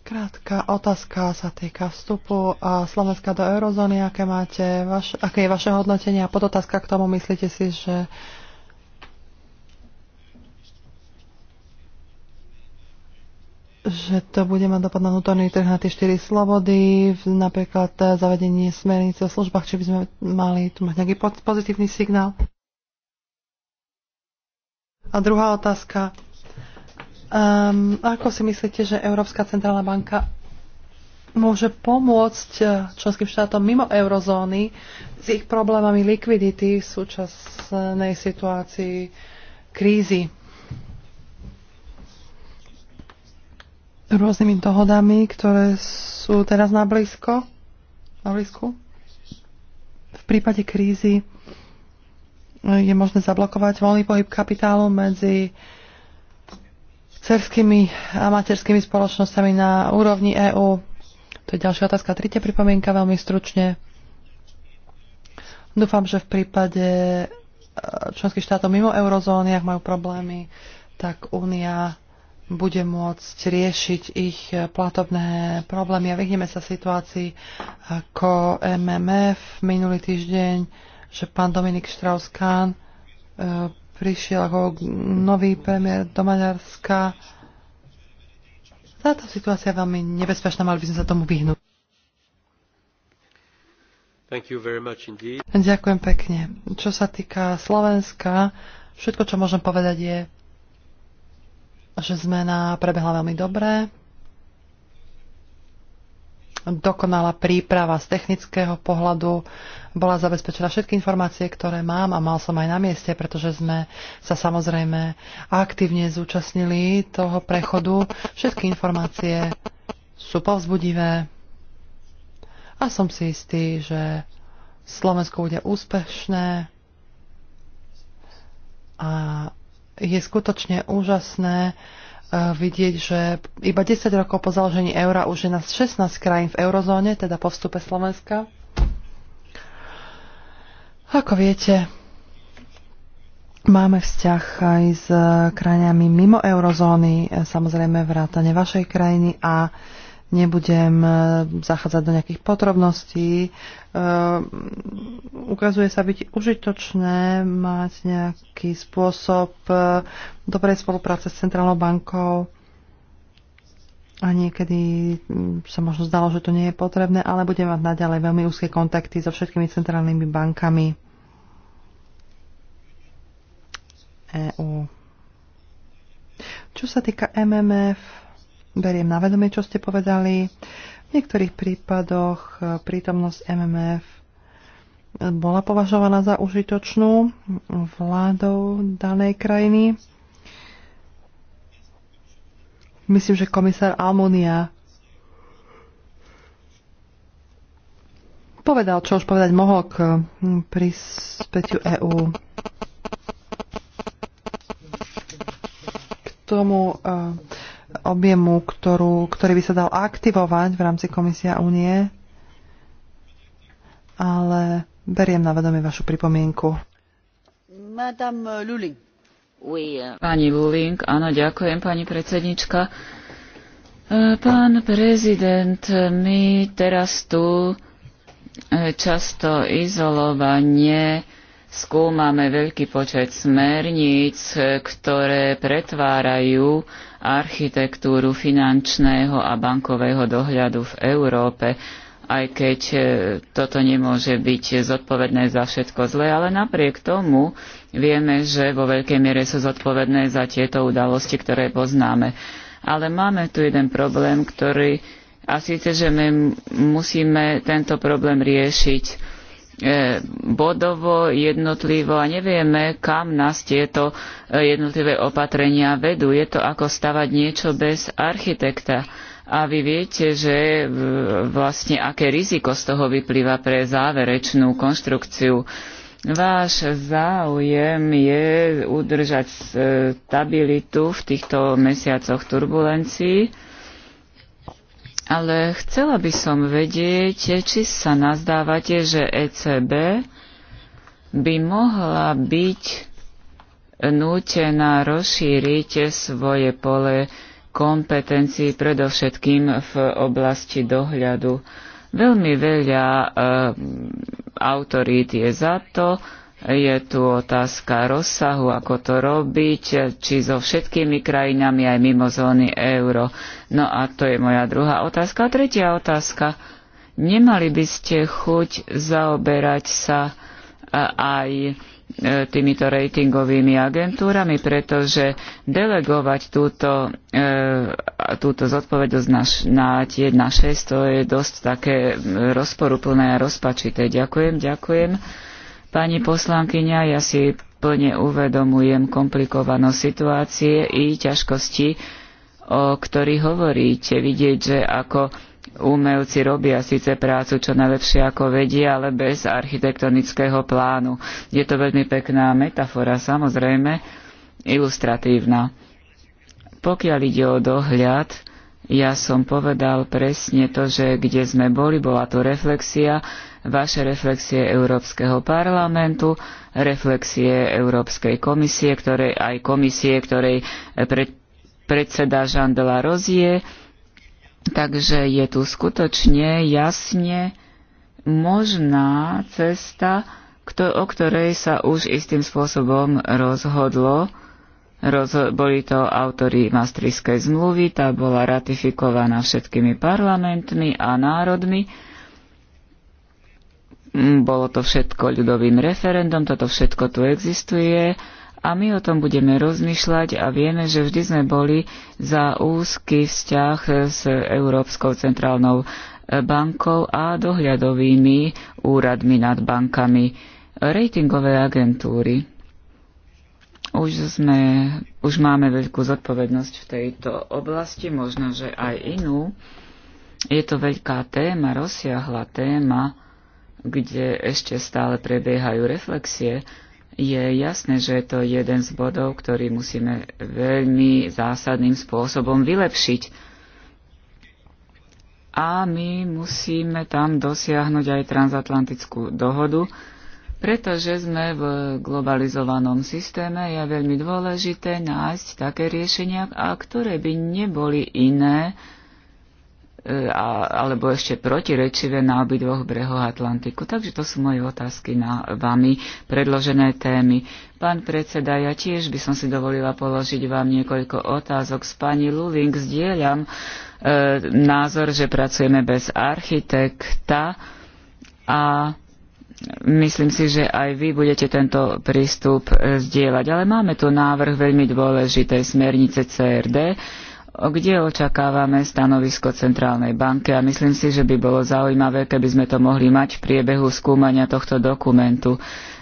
Krátka otázka sa týka vstupu Slovenska do eurozóny. Aké, máte vaš, aké je vaše hodnotenie? A podotázka k tomu, myslíte si, že že to bude mať dopad na vnútorný trh na tie štyri slobody, napríklad eh, zavedenie smernice o službách, či by sme mali tu mať nejaký pozitívny signál. A druhá otázka. Um, ako si myslíte, že Európska centrálna banka môže pomôcť eh, členským štátom mimo eurozóny s ich problémami likvidity v súčasnej situácii krízy? rôznymi dohodami, ktoré sú teraz na blízko, na blízku. V prípade krízy je možné zablokovať voľný pohyb kapitálu medzi cerskými a materskými spoločnosťami na úrovni EÚ. To je ďalšia otázka. Tretia pripomienka veľmi stručne. Dúfam, že v prípade eh, členských štátov mimo eurozóny, ak majú problémy, tak Únia bude môcť riešiť ich eh, platobné problémy. A vyhneme sa situácii ako eh, MMF minulý týždeň, že pán Dominik Štrauskán eh, prišiel ako nový premiér do Maďarska. Táto situácia je veľmi nebezpečná, mali by sme sa tomu vyhnúť. Ďakujem pekne. Čo sa týka Slovenska, všetko, čo môžem povedať, je, že zmena prebehla veľmi dobre. Dokonala príprava z technického pohľadu, bola zabezpečená všetky informácie, ktoré mám a mal som aj na mieste, pretože sme sa samozrejme aktívne zúčastnili toho prechodu. Všetky informácie sú povzbudivé a som si istý, že Slovensko bude úspešné a je skutočne úžasné e, vidieť, že iba 10 rokov po založení eura už je nás 16 krajín v eurozóne, teda po vstupe Slovenska. Ako viete, máme vzťah aj s krajinami mimo eurozóny, samozrejme vrátane vašej krajiny a uh, Nebudem e, zachádzať do nejakých podrobností. E, ukazuje sa byť užitočné mať nejaký spôsob e, dobrej spolupráce s Centrálnou bankou. A niekedy sa možno zdalo, že to nie je potrebné, ale budem mať naďalej veľmi úzke kontakty so všetkými centrálnymi bankami EU. Čo sa týka MMF, Beriem na vedomie, čo ste povedali. V niektorých prípadoch e, prítomnosť MMF e, bola považovaná za užitočnú vládou danej krajiny. Myslím, že komisár Almonia povedal, čo už povedať mohol k prispätiu EÚ. K tomu uh, objemu, ktorú, ktorý by sa dal aktivovať v rámci Komisia únie, ale beriem na vedomie vašu pripomienku. Madame Luling. Oui. Euh. Pani Luling, áno, ďakujem, pani predsednička. E, pán prezident, my teraz tu e, často izolovanie skúmame veľký počet smerníc, ktoré pretvárajú architektúru finančného a bankového dohľadu v Európe, aj keď e, toto nemôže byť zodpovedné za všetko zlé, ale napriek tomu vieme, že vo veľkej miere sú zodpovedné za tieto udalosti, ktoré poznáme. Ale máme tu jeden problém, ktorý a síce, že my musíme tento problém riešiť E, bodovo, jednotlivo a nevieme, kam nás tieto e, jednotlivé opatrenia vedú. Je to ako stavať niečo bez architekta. A vy viete, že e, vlastne aké riziko z toho vyplýva pre záverečnú konštrukciu. Váš záujem je udržať stabilitu v týchto mesiacoch turbulencií ale chcela by som vedieť, či sa nazdávate, že ECB by mohla byť nútená rozšíriť svoje pole kompetencií predovšetkým v oblasti dohľadu. Veľmi veľa e, autorít je za to, je tu otázka rozsahu, ako to robiť, či so všetkými krajinami aj mimo zóny euro. No a to je moja druhá otázka. A tretia otázka. Nemali by ste chuť zaoberať sa e, aj e, týmito ratingovými agentúrami, pretože delegovať túto, e, túto zodpovednosť na, na tie naše, to je dosť také rozporuplné a rozpačité. Ďakujem, ďakujem. Pani poslankyňa, ja si plne uvedomujem komplikovanosť situácie i ťažkosti, o ktorých hovoríte. Vidieť, že ako umelci robia síce prácu čo najlepšie ako vedia, ale bez architektonického plánu. Je to veľmi pekná metafora, samozrejme, ilustratívna. Pokiaľ ide o dohľad, ja som povedal presne to, že kde sme boli, bola to reflexia, vaše reflexie Európskeho parlamentu, reflexie Európskej komisie, ktorej, aj komisie, ktorej eh, pred, predseda Jean de la Rozie. Takže je tu skutočne jasne možná cesta, o ktorej sa už istým spôsobom rozhodlo. Rozho- boli to autory Maastrichtskej zmluvy, tá bola ratifikovaná všetkými parlamentmi a národmi Mm, bolo to všetko ľudovým referendum, toto všetko tu existuje a my o tom budeme rozmýšľať a vieme, že vždy sme boli za úzky vzťah s Európskou centrálnou e, bankou a dohľadovými úradmi nad bankami. Ratingové agentúry. Už, sme, už máme veľkú zodpovednosť v tejto oblasti, možno, že aj inú. Je to veľká téma, rozsiahla téma kde ešte stále prebiehajú reflexie, je jasné, že je to jeden z bodov, ktorý musíme veľmi zásadným spôsobom vylepšiť. A my musíme tam dosiahnuť aj transatlantickú dohodu, pretože sme v globalizovanom systéme je veľmi dôležité nájsť také riešenia, a ktoré by neboli iné E, a, alebo ešte protirečivé na obidvoch brehoch Atlantiku. Takže to sú moje otázky na vami predložené témy. Pán predseda, ja tiež by som si dovolila položiť vám niekoľko otázok. S pani Luling zdieľam e, názor, že pracujeme bez architekta a myslím si, že aj vy budete tento prístup e, zdieľať. Ale máme tu návrh veľmi dôležitej smernice CRD, kde očakávame stanovisko Centrálnej banky a myslím si, že by bolo zaujímavé, keby sme to mohli mať v priebehu skúmania tohto dokumentu.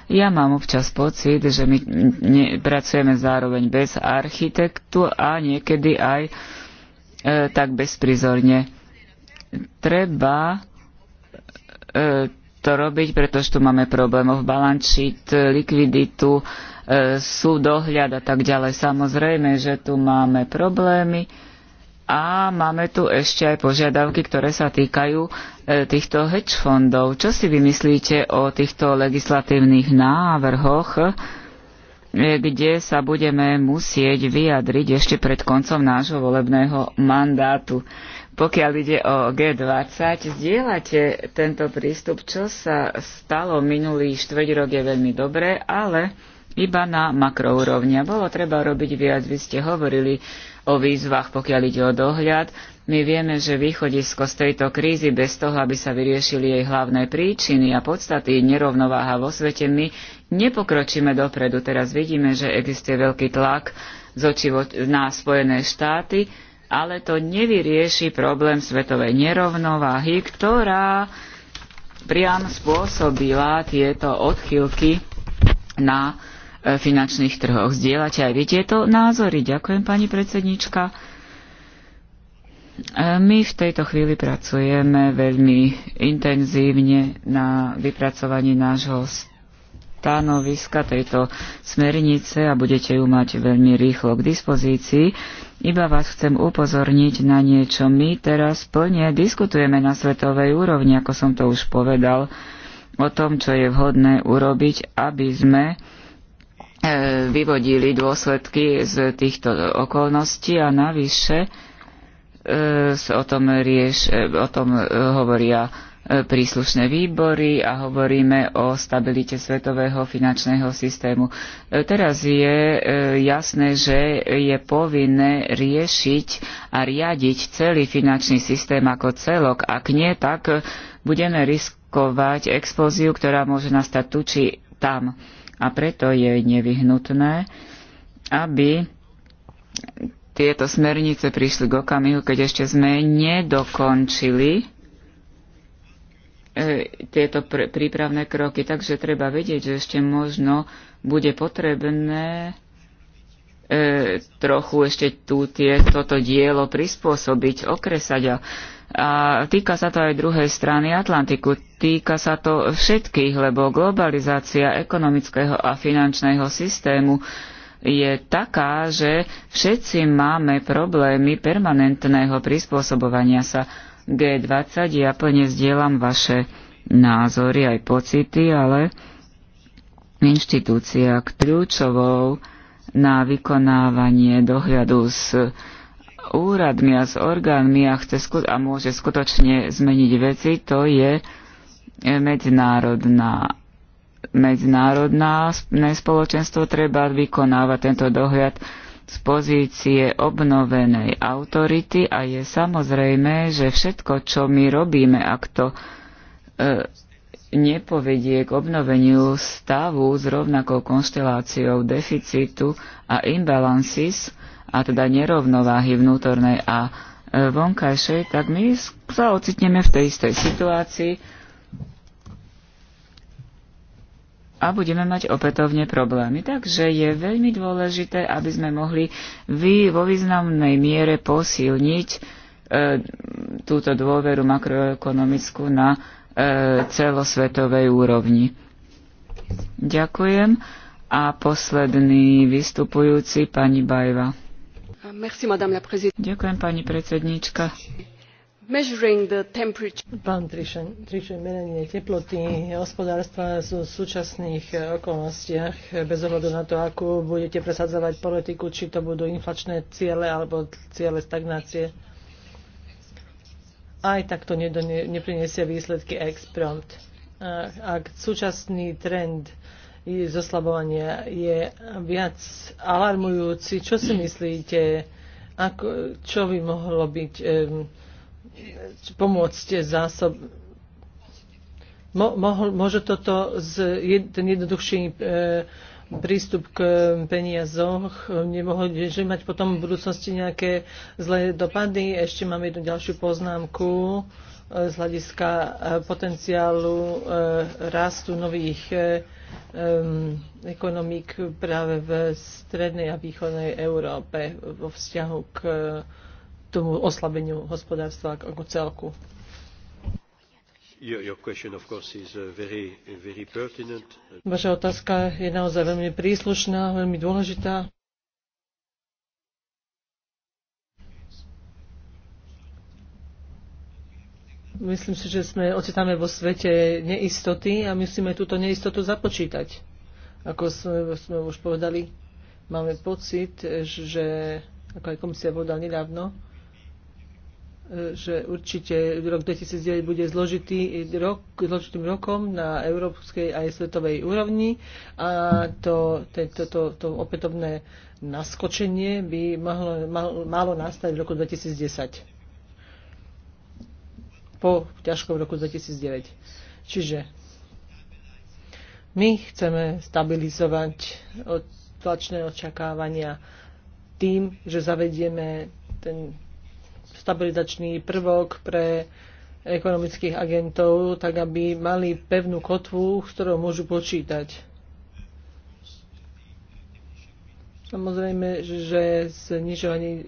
Ja mám občas pocit, že my ne, pracujeme zároveň bez architektu a niekedy aj e, tak bezprizorne. Treba e, to robiť, pretože tu máme problémov balančiť, likviditu, e, sú dohľad a tak ďalej. Samozrejme, že tu máme problémy a máme tu ešte aj požiadavky, ktoré sa týkajú e, týchto hedge fondov. Čo si vymyslíte o týchto legislatívnych návrhoch, e, kde sa budeme musieť vyjadriť ešte pred koncom nášho volebného mandátu? Pokiaľ ide o G20, zdieľate tento prístup, čo sa stalo minulý štveť rok je veľmi dobré, ale iba na makroúrovni. Bolo treba robiť viac, vy ste hovorili o výzvach, pokiaľ ide o dohľad. My vieme, že východisko z tejto krízy bez toho, aby sa vyriešili jej hlavné príčiny a podstaty nerovnováha vo svete, my nepokročíme dopredu. Teraz vidíme, že existuje veľký tlak z očí na Spojené štáty, ale to nevyrieši problém svetovej nerovnováhy, ktorá priam spôsobila tieto odchylky na finančných trhoch. Zdieľate aj vy tieto názory? Ďakujem, pani predsednička. E, my v tejto chvíli pracujeme veľmi intenzívne na vypracovaní nášho stanoviska tejto smernice a budete ju mať veľmi rýchlo k dispozícii. Iba vás chcem upozorniť na niečo. My teraz plne diskutujeme na svetovej úrovni, ako som to už povedal, o tom, čo je vhodné urobiť, aby sme E, vyvodili dôsledky z týchto okolností a navyše e, o tom, rieš, e, o tom hovoria príslušné výbory a hovoríme o stabilite svetového finančného systému. Teraz je jasné, že je povinné riešiť a riadiť celý finančný systém ako celok. Ak nie, tak budeme riskovať explóziu, ktorá môže nastať tu či tam a preto je nevyhnutné, aby tieto smernice prišli k okamihu, keď ešte sme nedokončili e, tieto pr- prípravné kroky. Takže treba vedieť, že ešte možno bude potrebné e, trochu ešte tu tie, toto dielo prispôsobiť, okresať a a týka sa to aj druhej strany Atlantiku. Týka sa to všetkých, lebo globalizácia ekonomického a finančného systému je taká, že všetci máme problémy permanentného prispôsobovania sa G20. Ja plne zdieľam vaše názory aj pocity, ale inštitúcia kľúčovou na vykonávanie dohľadu s úradmi a s orgánmi a, chce sku- a môže skutočne zmeniť veci, to je e, medzinárodná medzinárodné spoločenstvo treba vykonávať tento dohľad z pozície obnovenej autority a je samozrejme, že všetko, čo my robíme, ak to e, nepovedie k obnoveniu stavu s rovnakou konšteláciou deficitu a imbalances, a teda nerovnováhy vnútornej a e, vonkajšej, tak my sa ocitneme v tej istej situácii a budeme mať opätovne problémy. Takže je veľmi dôležité, aby sme mohli vy vo významnej miere posilniť e, túto dôveru makroekonomickú na e, celosvetovej úrovni. Ďakujem. A posledný vystupujúci, pani Bajva. Ďakujem, pani predsedníčka. Measuring the temperature. Pán Trišen, Trišen, meranie teploty hospodárstva sú v súčasných okolnostiach, bez ohľadu na to, ako budete presadzovať politiku, či to budú inflačné ciele alebo ciele stagnácie. Aj tak to nepriniesie výsledky ex prompt. Ak súčasný trend zoslabovania je viac alarmujúci. Čo si myslíte, ako, čo by mohlo byť um, pomôcť zásob? Mo, môže toto z, jed, ten jednoduchší e, prístup k peniazoch, nemohol že mať potom v budúcnosti nejaké zlé dopady. Ešte mám jednu ďalšiu poznámku eh, z hľadiska eh, potenciálu eh, rastu nových um, ekonomik práve v strednej a východnej Európe vo vzťahu k uh, tomu oslabeniu hospodárstva ako celku. Vaša otázka je naozaj veľmi príslušná, veľmi dôležitá. Myslím si, že sme ocitáme vo svete neistoty a musíme túto neistotu započítať. Ako sme, sme už povedali, máme pocit, že, ako aj komisia povedala nedávno, že určite rok 2009 bude zložitý rok, zložitým rokom na európskej aj svetovej úrovni a to, to, to, to opätovné naskočenie by mohlo, mal, malo nastať v roku 2010 po ťažkom roku 2009. Čiže my chceme stabilizovať tlačné očakávania tým, že zavedieme ten stabilizačný prvok pre ekonomických agentov, tak aby mali pevnú kotvu, s ktorou môžu počítať. Samozrejme, že znižovanie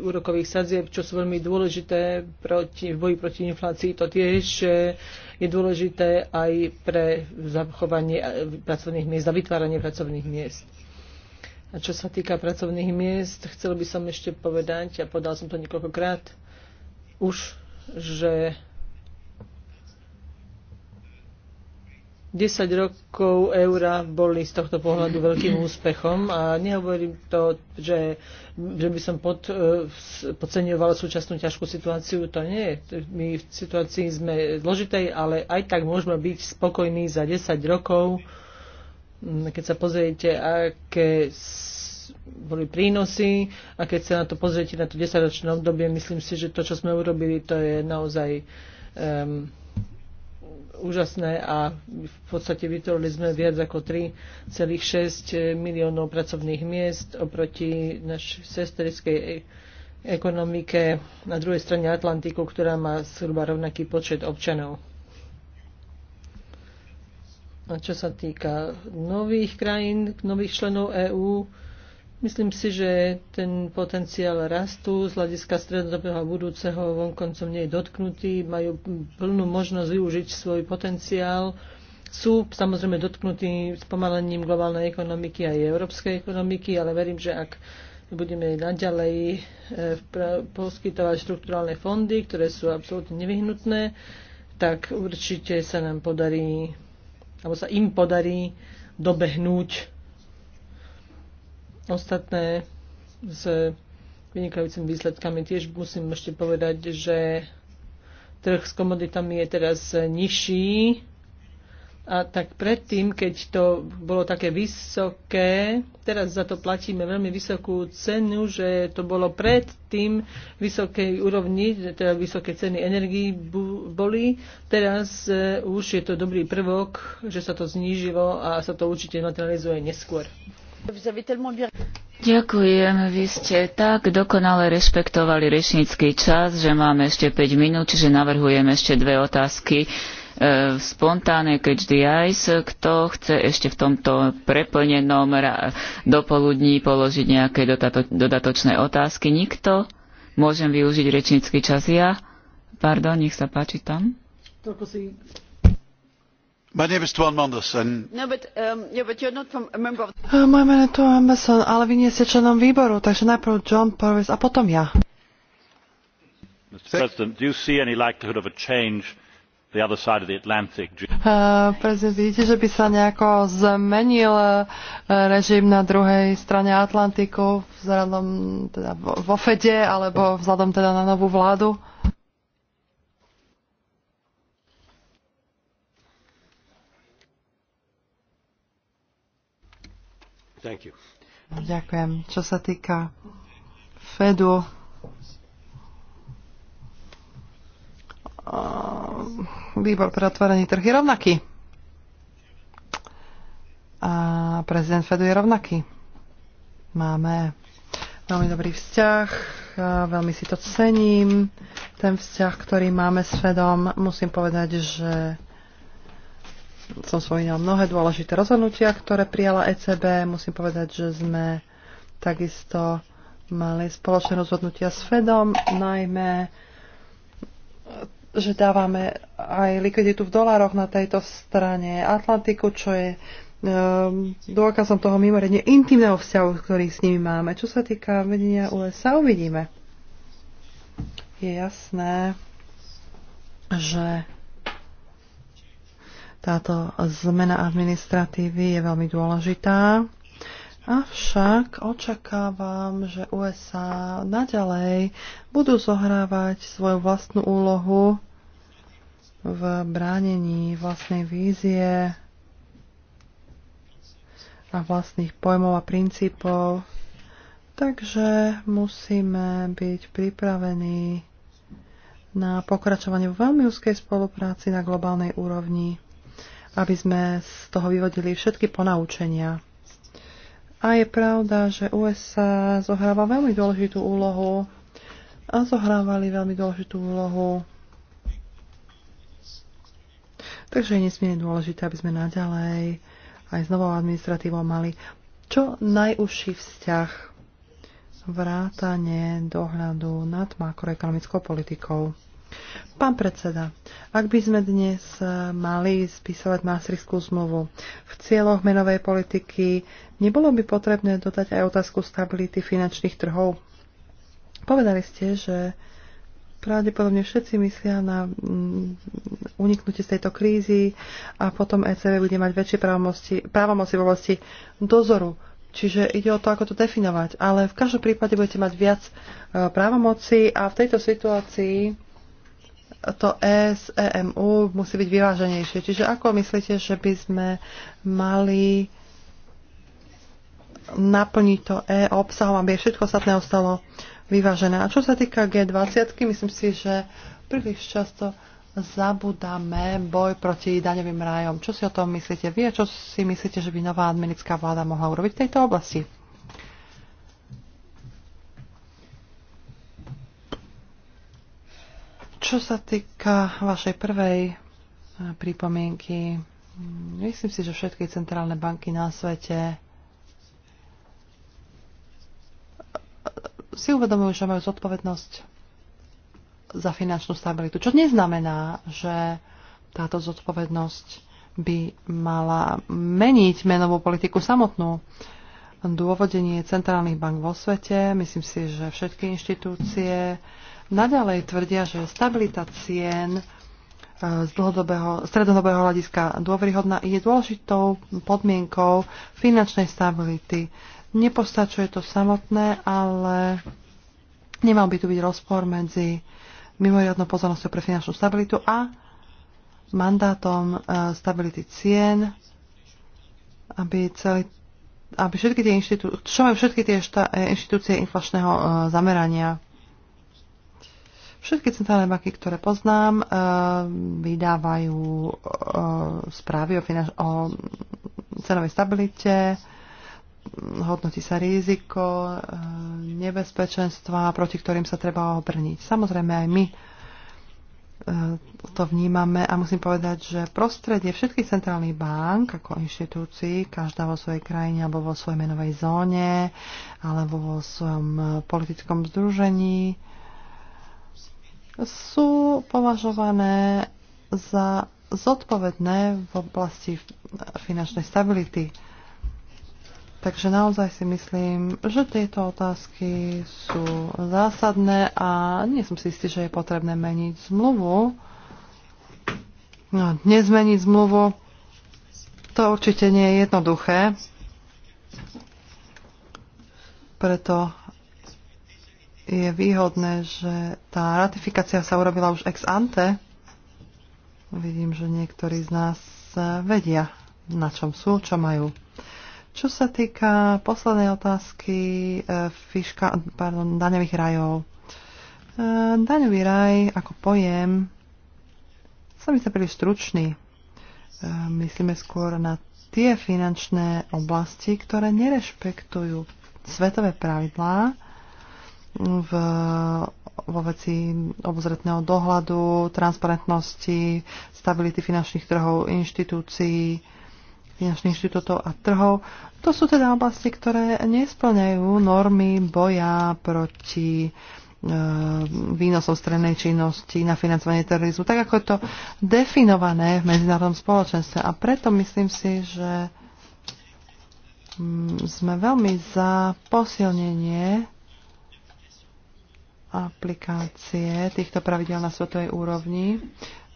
úrokových sadzieb, čo sú veľmi dôležité proti, v boji proti inflácii. To tiež eh, je dôležité aj pre zachovanie eh, pracovných miest a vytváranie pracovných miest. A čo sa týka pracovných miest, chcel by som ešte povedať, a ja podal som to niekoľkokrát, už, že 10 rokov eura boli z tohto pohľadu veľkým úspechom a nehovorím to, že, že by som pod, e, podceňovala súčasnú ťažkú situáciu, to nie. My v situácii sme zložitej, ale aj tak môžeme byť spokojní za 10 rokov, mm, keď sa pozriete, aké boli prínosy a keď sa na to pozriete na to 10-ročné obdobie, myslím si, že to, čo sme urobili, to je naozaj um, úžasné a v podstate vytvorili sme viac ako 3,6 miliónov pracovných miest oproti našej sesterskej e- ekonomike na druhej strane Atlantiku, ktorá má zhruba rovnaký počet občanov. A čo sa týka nových krajín, nových členov EÚ, Myslím si, že ten potenciál rastu z hľadiska stredodobého a budúceho vonkoncom nie je dotknutý, majú plnú možnosť využiť svoj potenciál. Sú samozrejme dotknutí spomalením globálnej ekonomiky aj európskej ekonomiky, ale verím, že ak budeme naďalej e, poskytovať štruktúrálne fondy, ktoré sú absolútne nevyhnutné, tak určite sa nám podarí, alebo sa im podarí dobehnúť ostatné s vynikajúcimi výsledkami. Tiež musím ešte povedať, že trh s komoditami je teraz nižší. A tak predtým, keď to bolo také vysoké, teraz za to platíme veľmi vysokú cenu, že to bolo predtým vysoké vysokej úrovni, teda vysoké ceny energii boli. Teraz eh, už je to dobrý prvok, že sa to znížilo a sa to určite materializuje neskôr. Ďakujem, vy ste tak dokonale rešpektovali rečnícky čas, že máme ešte 5 minút, čiže navrhujem ešte dve otázky v e, spontánne catch the eyes. Kto chce ešte v tomto preplnenom dopoludní položiť nejaké dodatočné otázky? Nikto? Môžem využiť rečnícky čas ja? Pardon, nech sa páči tam. Toľko si No, um, uh, moje meno je Tuan Anderson, ale vy nie ste členom výboru, takže najprv John Purvis a potom ja. prezident, uh, vidíte, že by sa nejako zmenil uh, režim na druhej strane Atlantiku vzhľadom teda vo Fede alebo vzhľadom teda na novú vládu? Ďakujem. Čo sa týka Fedu, výbor pre otvorený trh je rovnaký. A prezident Fedu je rovnaký. Máme veľmi dobrý vzťah, veľmi si to cením. Ten vzťah, ktorý máme s Fedom, musím povedať, že som spomínal mnohé dôležité rozhodnutia, ktoré prijala ECB. Musím povedať, že sme takisto mali spoločné rozhodnutia s Fedom, najmä že dávame aj likviditu v dolároch na tejto strane Atlantiku, čo je um, dôkazom toho mimoriadne intimného vzťahu, ktorý s nimi máme. Čo sa týka vedenia USA, uvidíme. Je jasné, že táto zmena administratívy je veľmi dôležitá. Avšak očakávam, že USA naďalej budú zohrávať svoju vlastnú úlohu v bránení vlastnej vízie a vlastných pojmov a princípov. Takže musíme byť pripravení na pokračovanie v veľmi úzkej spolupráci na globálnej úrovni aby sme z toho vyvodili všetky ponaučenia. A je pravda, že USA zohráva veľmi dôležitú úlohu a zohrávali veľmi dôležitú úlohu. Takže je nesmierne dôležité, aby sme naďalej aj s novou administratívou mali čo najúžší vzťah vrátanie dohľadu nad makroekonomickou politikou. Pán predseda, ak by sme dnes eh, mali spísovať Maastrichtskú zmluvu v cieľoch menovej politiky, nebolo by potrebné dodať aj otázku stability finančných trhov? Povedali ste, že pravdepodobne všetci myslia na mm, uniknutie z tejto krízy a potom ECB bude mať väčšie právomoci, právomoci v oblasti dozoru. Čiže ide o to, ako to definovať. Ale v každom prípade budete mať viac eh, právomoci a v tejto situácii to SEMU musí byť vyváženejšie. Čiže ako myslíte, že by sme mali naplniť to E obsahom, aby všetko ostatné ostalo vyvážené. A čo sa týka G20, myslím si, že príliš často zabudáme boj proti daňovým rájom. Čo si o tom myslíte vy a čo si myslíte, že by nová americká vláda mohla urobiť v tejto oblasti? Čo sa týka vašej prvej pripomienky, myslím si, že všetky centrálne banky na svete si uvedomujú, že majú zodpovednosť za finančnú stabilitu. Čo neznamená, že táto zodpovednosť by mala meniť menovú politiku samotnú. Dôvodenie centrálnych bank vo svete, myslím si, že všetky inštitúcie, naďalej tvrdia, že stabilita cien e, z dlhodobého, stredodobého hľadiska dôveryhodná je dôležitou podmienkou finančnej stability. Nepostačuje to samotné, ale nemal by tu byť rozpor medzi mimoriadnou pozornosťou pre finančnú stabilitu a mandátom e, stability cien, aby celý aby všetky tie, inštitú- čo majú všetky tie e, inštitúcie inflačného zamerania Všetky centrálne banky, ktoré poznám, eh, vydávajú eh, správy o, o cenovej stabilite, hodnotí sa riziko, eh, nebezpečenstva, proti ktorým sa treba obrniť. Samozrejme aj my to vnímame a musím povedať, že prostredie všetkých centrálnych bank ako inštitúcií, každá vo svojej krajine alebo vo svojej menovej zóne alebo vo svojom politickom združení sú považované za zodpovedné v oblasti finančnej stability. Takže naozaj si myslím, že tieto otázky sú zásadné a nie som si istý, že je potrebné meniť zmluvu. No, nezmeniť zmluvu, to určite nie je jednoduché. Preto je výhodné, že tá ratifikácia sa urobila už ex ante. Vidím, že niektorí z nás vedia, na čom sú, čo majú. Čo sa týka poslednej otázky e, fiška, pardon, daňových rajov. E, daňový raj ako pojem sa mi sa príliš stručný. E, myslíme skôr na tie finančné oblasti, ktoré nerešpektujú svetové pravidlá, v, vo veci obozretného dohľadu, transparentnosti, stability finančných trhov, inštitúcií, finančných inštitútov a trhov. To sú teda oblasti, ktoré nesplňajú normy boja proti e, výnosom strednej činnosti na financovanie terorizmu, tak ako je to definované v medzinárodnom spoločenstve. A preto myslím si, že mm, sme veľmi za posilnenie aplikácie týchto pravidel na svetovej úrovni.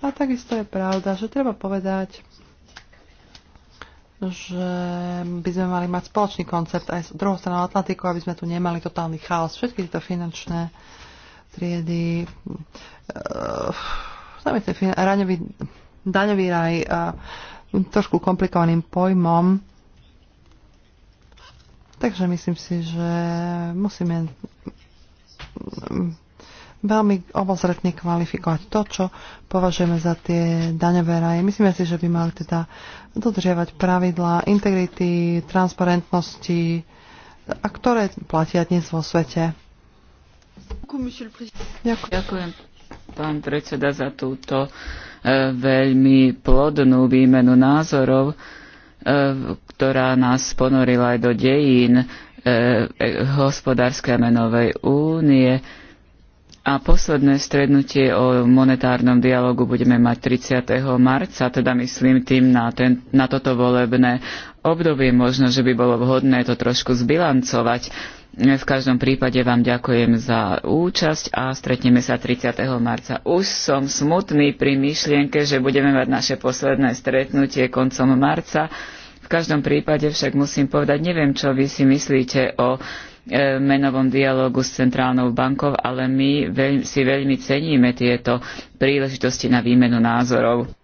A takisto je pravda, že treba povedať, že by sme mali mať spoločný koncept aj z druhou stranou Atlantiku, aby sme tu nemali totálny chaos. Všetky tieto finančné triedy, uh, ten fin- raňový, daňový raj uh, trošku komplikovaným pojmom. Takže myslím si, že musíme Mm, veľmi obozretne kvalifikovať to, čo považujeme za tie daňové raje. Myslíme si, že by mali teda dodržiavať pravidlá integrity, transparentnosti, a ktoré platia dnes vo svete. Ďakujem. Ďakujem pán predseda za túto e, veľmi plodnú výmenu názorov, e, ktorá nás ponorila aj do dejín E, e, hospodárskej a menovej únie. A posledné strednutie o monetárnom dialogu budeme mať 30. marca, teda myslím tým na, ten, na toto volebné obdobie. Možno, že by bolo vhodné to trošku zbilancovať. V každom prípade vám ďakujem za účasť a stretneme sa 30. marca. Už som smutný pri myšlienke, že budeme mať naše posledné stretnutie koncom marca každom prípade však musím povedať, neviem, čo vy si myslíte o e, menovom dialogu s centrálnou bankou, ale my si veľmi ceníme tieto príležitosti na výmenu názorov.